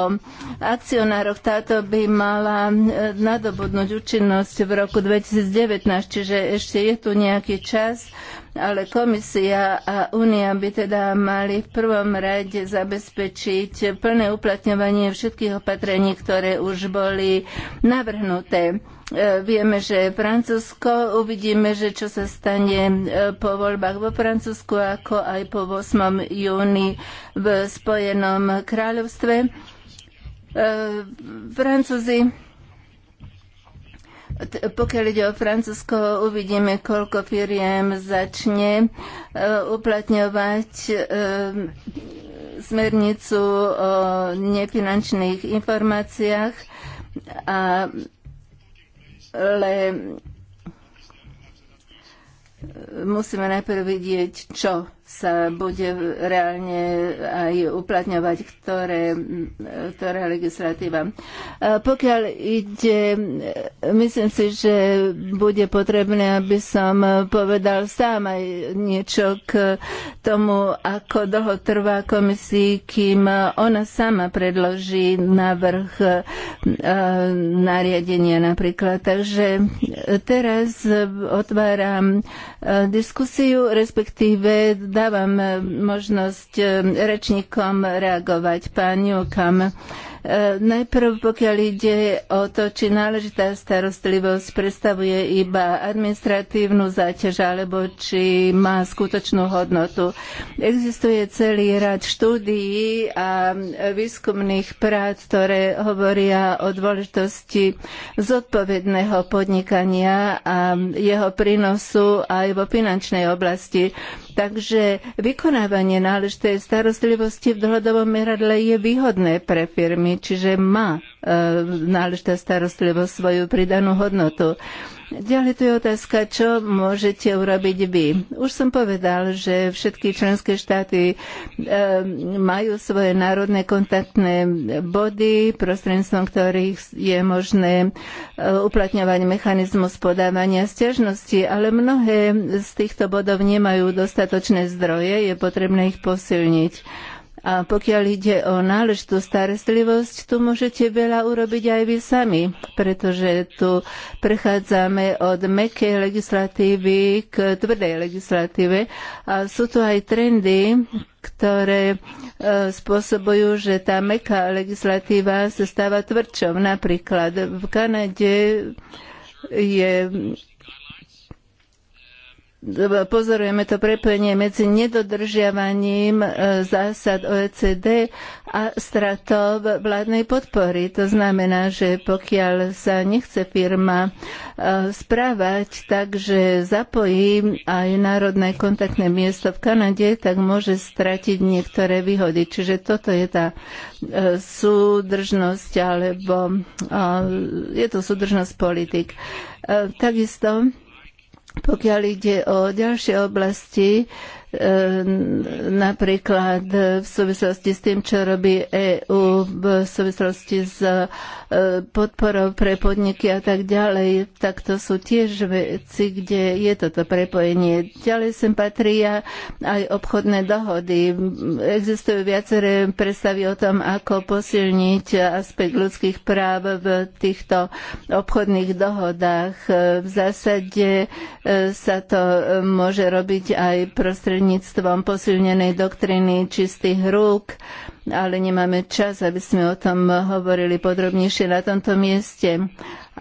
akcionároch, táto by mala um, nadobudnúť účinnosť v roku 2019, čiže ešte je tu nejaký čas, ale komisia a únia by teda mali v prvom rade zabezpečiť plné uplatňovanie všetkých opatrení, ktoré už boli navrhnuté. E, vieme, že Francúzsko, uvidíme, že čo sa stane e, po voľbách vo Francúzsku, ako aj po 8. júni v Spojenom kráľovstve. E, Francúzi pokiaľ ide o Francúzsko, uvidíme, koľko firiem začne uplatňovať smernicu o nefinančných informáciách a ale musíme najprv vidieť, čo sa bude reálne aj uplatňovať, ktoré, ktorá legislatíva. Pokiaľ ide, myslím si, že bude potrebné, aby som povedal sám aj niečo k tomu, ako dlho trvá komisii, kým ona sama predloží návrh e, nariadenia napríklad. Takže teraz otváram e, diskusiu, respektíve dá Dávam eh, možnosť eh, rečníkom reagovať. Pán Jukam. Najprv, pokiaľ ide o to, či náležitá starostlivosť predstavuje iba administratívnu záťaž, alebo či má skutočnú hodnotu. Existuje celý rad štúdií a výskumných prác, ktoré hovoria o dôležitosti zodpovedného podnikania a jeho prínosu aj vo finančnej oblasti. Takže vykonávanie náležitej starostlivosti v dlhodobom meradle je výhodné pre firmy čiže má e, náležitá starostlivosť svoju pridanú hodnotu. Ďalej tu je otázka, čo môžete urobiť vy. Už som povedal, že všetky členské štáty e, majú svoje národné kontaktné body, prostredníctvom ktorých je možné e, uplatňovať mechanizmus podávania stiažnosti, ale mnohé z týchto bodov nemajú dostatočné zdroje, je potrebné ich posilniť. A pokiaľ ide o náležitú starostlivosť, tu môžete veľa urobiť aj vy sami, pretože tu prechádzame od mekej legislatívy k tvrdej legislatíve a sú tu aj trendy, ktoré e, spôsobujú, že tá meká legislatíva sa stáva tvrdšou. Napríklad v Kanade je pozorujeme to prepojenie medzi nedodržiavaním e, zásad OECD a stratou vládnej podpory. To znamená, že pokiaľ sa nechce firma e, správať tak, že zapojí aj národné kontaktné miesto v Kanade, tak môže stratiť niektoré výhody. Čiže toto je tá e, súdržnosť, alebo je to súdržnosť politik. Takisto pokiaľ ide o ďalšie oblasti, Ehm, napríklad e, v súvislosti s tým, čo robí EÚ v súvislosti s e, podporou pre podniky a tak ďalej, tak to sú tiež veci, kde je toto prepojenie. Ďalej sem patria aj obchodné dohody. Existujú viaceré predstavy o tom, ako posilniť aspekt ľudských práv v týchto obchodných dohodách. E, v zásade sa to môže robiť aj prostredníctvom prostredníctvom posilnenej doktriny čistých rúk, ale nemáme čas, aby sme o tom hovorili podrobnejšie na tomto mieste.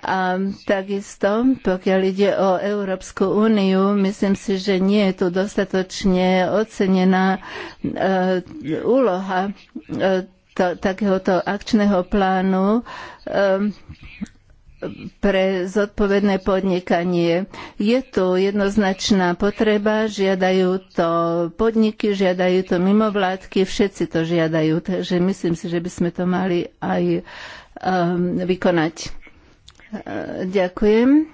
A takisto, pokiaľ ide o Európsku úniu, myslím si, že nie je tu dostatočne ocenená e, úloha e, to, takéhoto akčného plánu. E, pre zodpovedné podnikanie. Je tu jednoznačná potreba, žiadajú to podniky, žiadajú to mimovládky, všetci to žiadajú, takže myslím si, že by sme to mali aj um, vykonať. Uh, Ďakujem.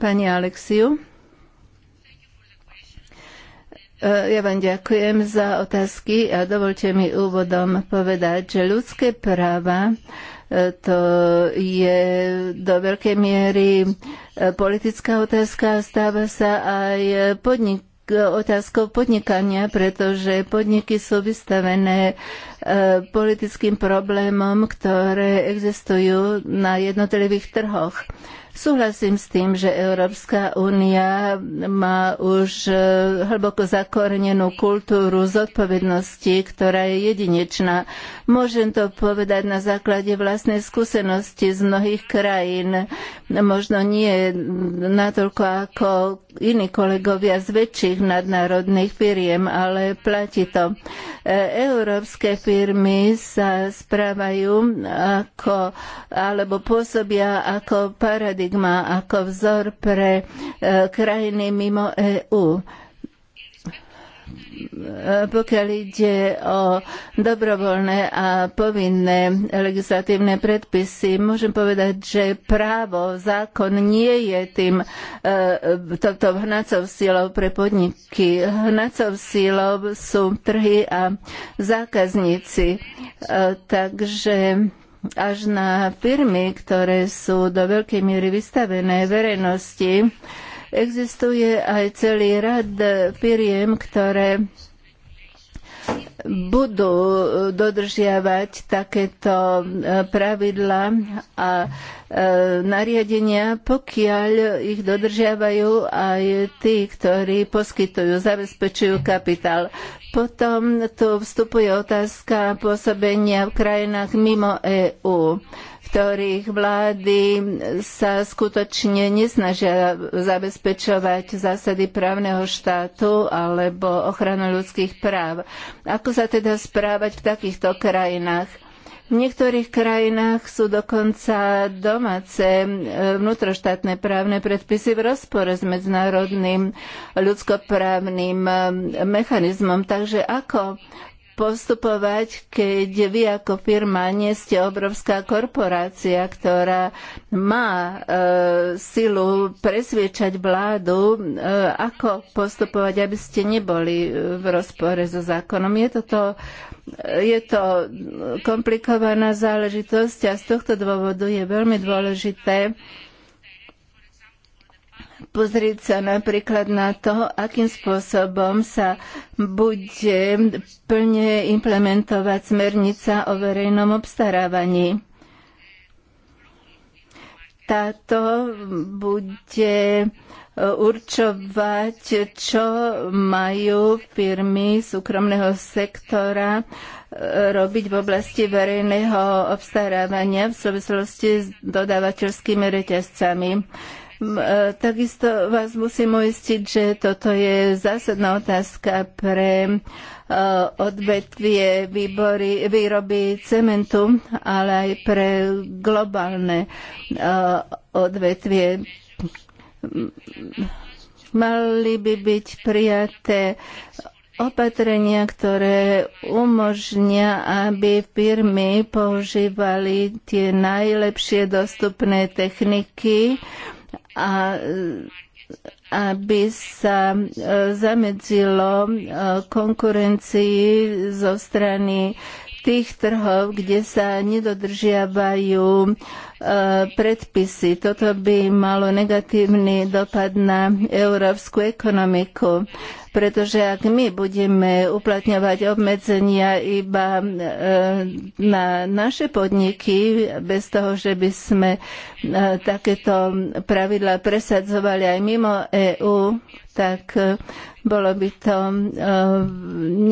Pani Alexiu. Uh, ja vám ďakujem za otázky a dovolte mi úvodom povedať, že ľudské práva to je do veľkej miery e, politická otázka a stáva sa aj podnik e, otázkou podnikania, pretože podniky sú vystavené e, politickým problémom, ktoré existujú na jednotlivých trhoch. Súhlasím s tým, že Európska únia má už e, hlboko zakorenenú kultúru zodpovednosti, ktorá je jedinečná. Môžem to povedať na základe vlastnej skúsenosti z mnohých krajín. Možno nie natoľko ako iní kolegovia z väčších nadnárodných firiem, ale platí to. E, Európske firmy sa správajú ako, alebo pôsobia ako paradigma paradigma, ako vzor pre e, krajiny mimo EÚ e, pokiaľ ide o dobrovoľné a povinné legislatívne predpisy, môžem povedať, že právo, zákon nie je tým e, toto hnacov hnacou síľou pre podniky. Hnacov síľou sú trhy a zákazníci. takže až na firmy, ktoré sú do veľkej miery vystavené verejnosti. Existuje aj celý rad firiem, ktoré budú dodržiavať takéto e, pravidla a e, nariadenia, pokiaľ ich dodržiavajú aj tí, ktorí poskytujú, zabezpečujú kapitál. Potom tu vstupuje otázka pôsobenia v krajinách mimo EÚ, v ktorých vlády sa skutočne nesnažia zabezpečovať zásady právneho štátu alebo ochranu ľudských práv. Ako sa teda správať v takýchto krajinách? V niektorých krajinách sú dokonca domáce e, vnútroštátne právne predpisy v rozpore s medzinárodným ľudskoprávnym e, mechanizmom. Takže ako postupovať, keď vy ako firma nie ste obrovská korporácia, ktorá má e, silu presviečať vládu, e, ako postupovať, aby ste neboli e, v rozpore so zákonom. Je to, to, je to komplikovaná záležitosť a z tohto dôvodu je veľmi dôležité, pozrieť sa napríklad na to, akým spôsobom sa bude plne implementovať smernica o verejnom obstarávaní. Táto bude e, určovať, čo majú firmy súkromného sektora e, robiť v oblasti verejného obstarávania v súvislosti s dodávateľskými reťazcami. E, takisto vás musím uistiť, že toto je zásadná otázka pre e, odvetvie výbory, výroby cementu, ale aj pre globálne e, odvetvie mali by byť prijaté opatrenia, ktoré umožnia, aby firmy používali tie najlepšie dostupné techniky, a aby sa e, zamedzilo e, konkurencii zo strany tých trhov, kde sa nedodržiavajú e, predpisy. Toto by malo negatívny dopad na európsku ekonomiku pretože ak my budeme uplatňovať obmedzenia iba e, na naše podniky, bez toho, že by sme e, takéto pravidlá presadzovali aj mimo EÚ, tak e, bolo by to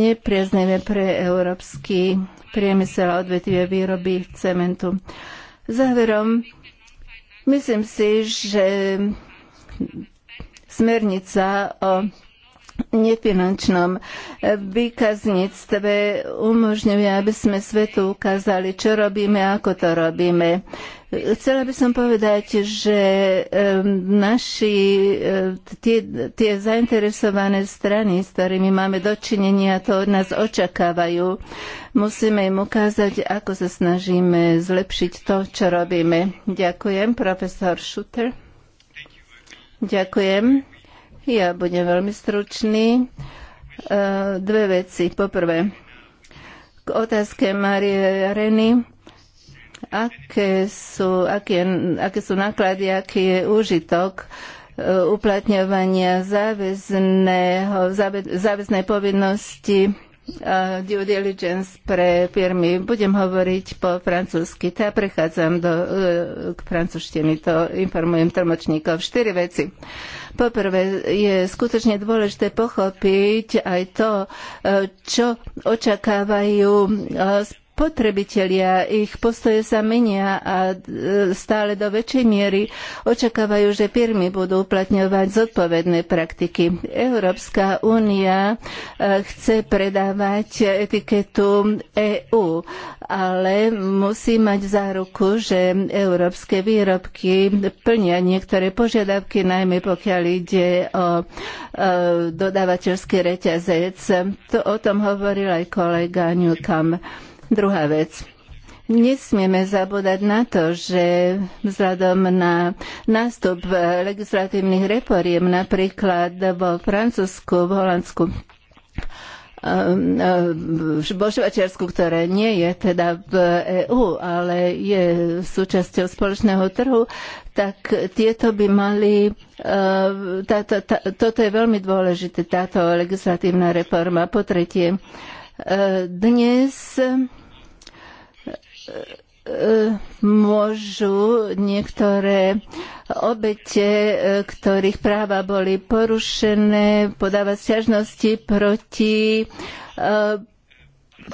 nepriaznivé pre európsky priemysel a odvetvie výroby cementu. Záverom, myslím si, že smernica o nefinančnom výkazníctve umožňuje, aby sme svetu ukázali, čo robíme a ako to robíme. Chcela by som povedať, že naši e, tie, tie zainteresované strany, s ktorými máme dočinenia, to od nás očakávajú. Musíme im ukázať, ako sa snažíme zlepšiť to, čo robíme. Ďakujem, profesor Šuter. Ďakujem. Ja budem veľmi stručný. E, dve veci. Poprvé, k otázke Marie Reny. Aké sú, aké, aké sú náklady, aký je úžitok e, uplatňovania záväzného, záväznej povinnosti due diligence pre firmy. Budem hovoriť po francúzsky. Tá prechádzam do, e, k francúzštiny, to informujem tlmočníkov. Štyri veci. Uh, Poprvé je skutočne dôležité pochopiť aj to, e, čo očakávajú e, spotrebitelia, ich postoje sa menia a e, stále do väčšej miery očakávajú, že firmy budú uplatňovať zodpovedné praktiky. Európska únia e, chce predávať etiketu EU, ale musí mať záruku, že európske výrobky plnia niektoré požiadavky, najmä pokiaľ ide o e, dodávateľský reťazec. To o tom hovoril aj kolega Newcomb. Druhá vec. Nesmieme zabúdať na to, že vzhľadom na nástup legislatívnych reforiem, napríklad vo Francúzsku, v Holandsku, ehm, ehm, vo Švačiarsku, ktoré nie je teda v EÚ, ale je súčasťou spoločného trhu, tak tieto by mali, ehm, tá, tá, tá, toto je veľmi dôležité, táto legislatívna reforma. Po tretie, dnes môžu niektoré obete, ktorých práva boli porušené, podávať sťažnosti proti eh,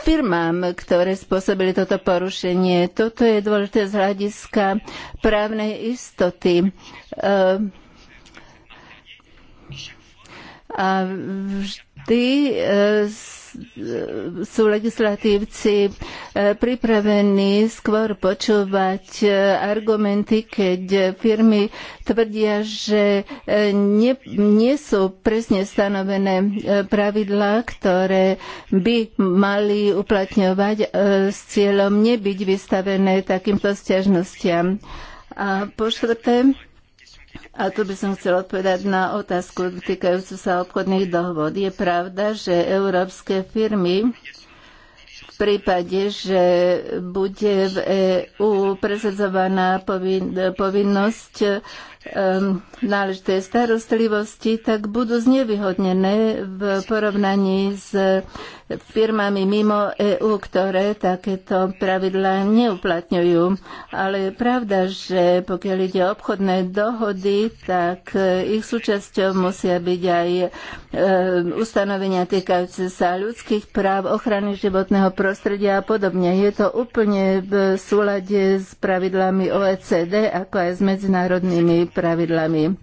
firmám, ktoré spôsobili toto porušenie. Toto je dôležité z hľadiska právnej istoty. Eh, a vždy eh, sú legislatívci e, pripravení skôr počúvať e, argumenty, keď firmy tvrdia, že e, nie, nie sú presne stanovené pravidlá, ktoré by mali uplatňovať s cieľom nebyť vystavené takýmto stiažnostiam. A po štvrté, a tu by som chcela odpovedať na otázku týkajúcu sa obchodných dohôd. Je pravda, že európske firmy v prípade, že bude v EU presadzovaná povin, povinnosť náležité starostlivosti, tak budú znevýhodnené v porovnaní s firmami mimo EÚ, ktoré takéto pravidlá neuplatňujú. Ale je pravda, že pokiaľ ide o obchodné dohody, tak eh, ich súčasťou musia byť aj eh, ustanovenia týkajúce sa ľudských práv, ochrany životného prostredia a podobne. Je to úplne v súlade s pravidlami OECD, ako aj s medzinárodnými pravidlami.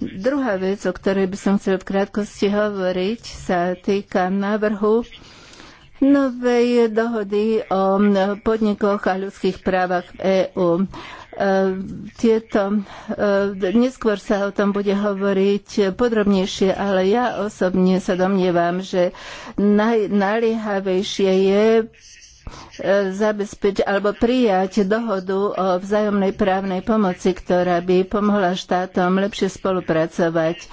Druhá vec, o ktorej by som chcel v krátkosti hovoriť, sa týka návrhu novej dohody o podnikoch a ľudských právach v EÚ e, tieto, e, neskôr sa o tom bude hovoriť podrobnejšie, ale ja osobne sa domnievam, že najnaliehavejšie je E, zabezpečiť alebo prijať dohodu o vzájomnej právnej pomoci, ktorá by pomohla štátom lepšie spolupracovať e,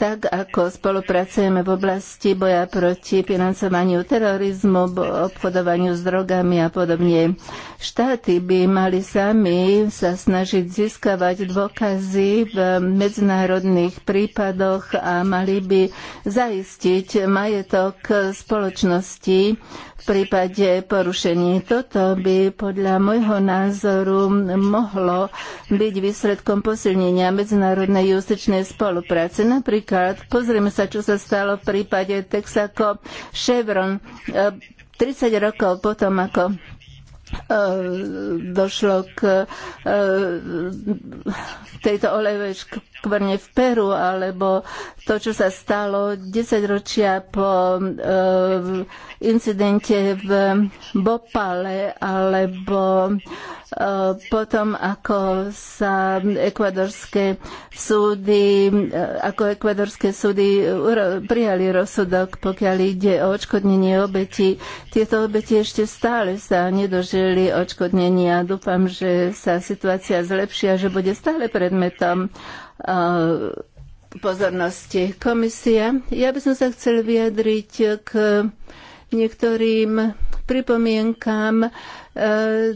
tak ako spolupracujeme v oblasti boja proti financovaniu terorizmu, obchodovaniu s drogami a podobne. Štáty by mali sami sa snažiť získavať dôkazy v medzinárodných prípadoch a mali by zaistiť majetok spoločnosti v prípade porušení. Toto by podľa môjho názoru mohlo byť výsledkom posilnenia medzinárodnej justičnej spolupráce. Napríklad, pozrieme sa, čo sa stalo v prípade Texaco Chevron. 30 e, rokov potom, ako e, došlo k e, tejto olejovej škvrne v Peru, alebo to, čo sa stalo 10 ročia po eh, incidente v Bopale, alebo eh, potom, ako sa ekvadorské súdy, eh, ako ekvadorské súdy prijali rozsudok, pokiaľ ide o odškodnenie obeti. Tieto obeti ešte stále sa nedožili odškodnenia. Dúfam, že sa situácia zlepšia, že bude stále predmetom Eh, pozornosti. komisie. ja by som sa chcel vyjadriť k niektorým pripomienkám eh,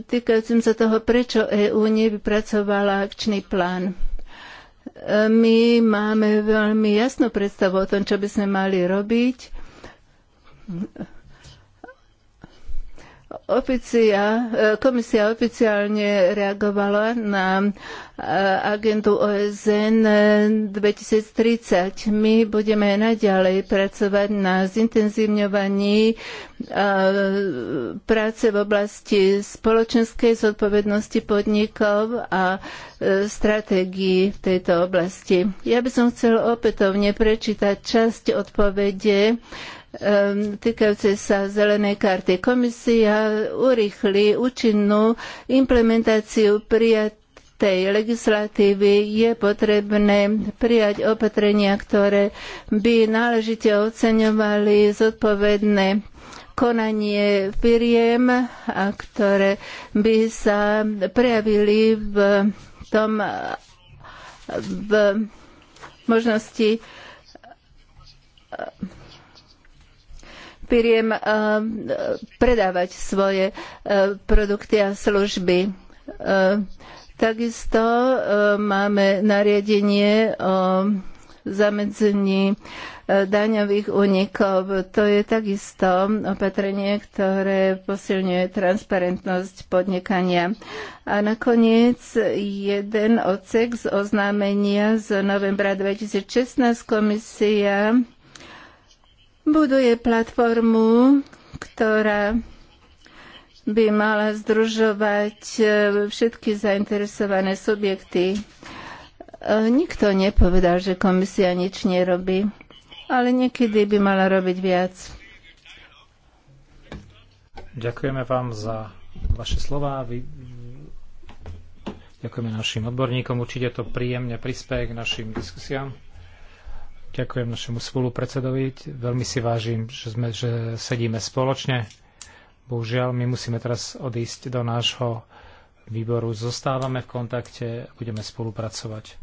týkajúcim sa toho, prečo EÚ nevypracovala akčný plán. Eh, my máme veľmi jasnú predstavu o tom, čo by sme mali robiť. Oficia, e, komisia oficiálne reagovala na e, agendu OSN 2030. My budeme naďalej pracovať na zintenzívňovaní e, práce v oblasti spoločenskej zodpovednosti podnikov a stratégií v tejto oblasti. Ja by som chcel opätovne prečítať časť odpovede týkajúce sa zelenej karty. Komisia urýchli účinnú implementáciu prijatej legislatívy je potrebné prijať opatrenia, ktoré by náležite oceňovali zodpovedné konanie firiem, a ktoré by sa prejavili v tom v možnosti firiem eh, predávať svoje eh, produkty a služby. Eh, takisto máme nariadenie o zamedzení daňových únikov. To je takisto opatrenie, ktoré posilňuje transparentnosť podnikania. A nakoniec jeden odsek z oznámenia z novembra 2016 komisia buduje platformu, ktorá by mala združovať e, všetky zainteresované subjekty. E, nikto nepovedal, že komisia nič nerobí, ale niekedy by mala robiť viac. Ďakujeme vám za vaše slova. Vy... Ďakujeme našim odborníkom. Určite to príjemne prispieje k našim diskusiám. Ďakujem našemu spolupredsedovi. Veľmi si vážim, že, sme, že sedíme spoločne. Bohužiaľ, my musíme teraz odísť do nášho výboru. Zostávame v kontakte a budeme spolupracovať.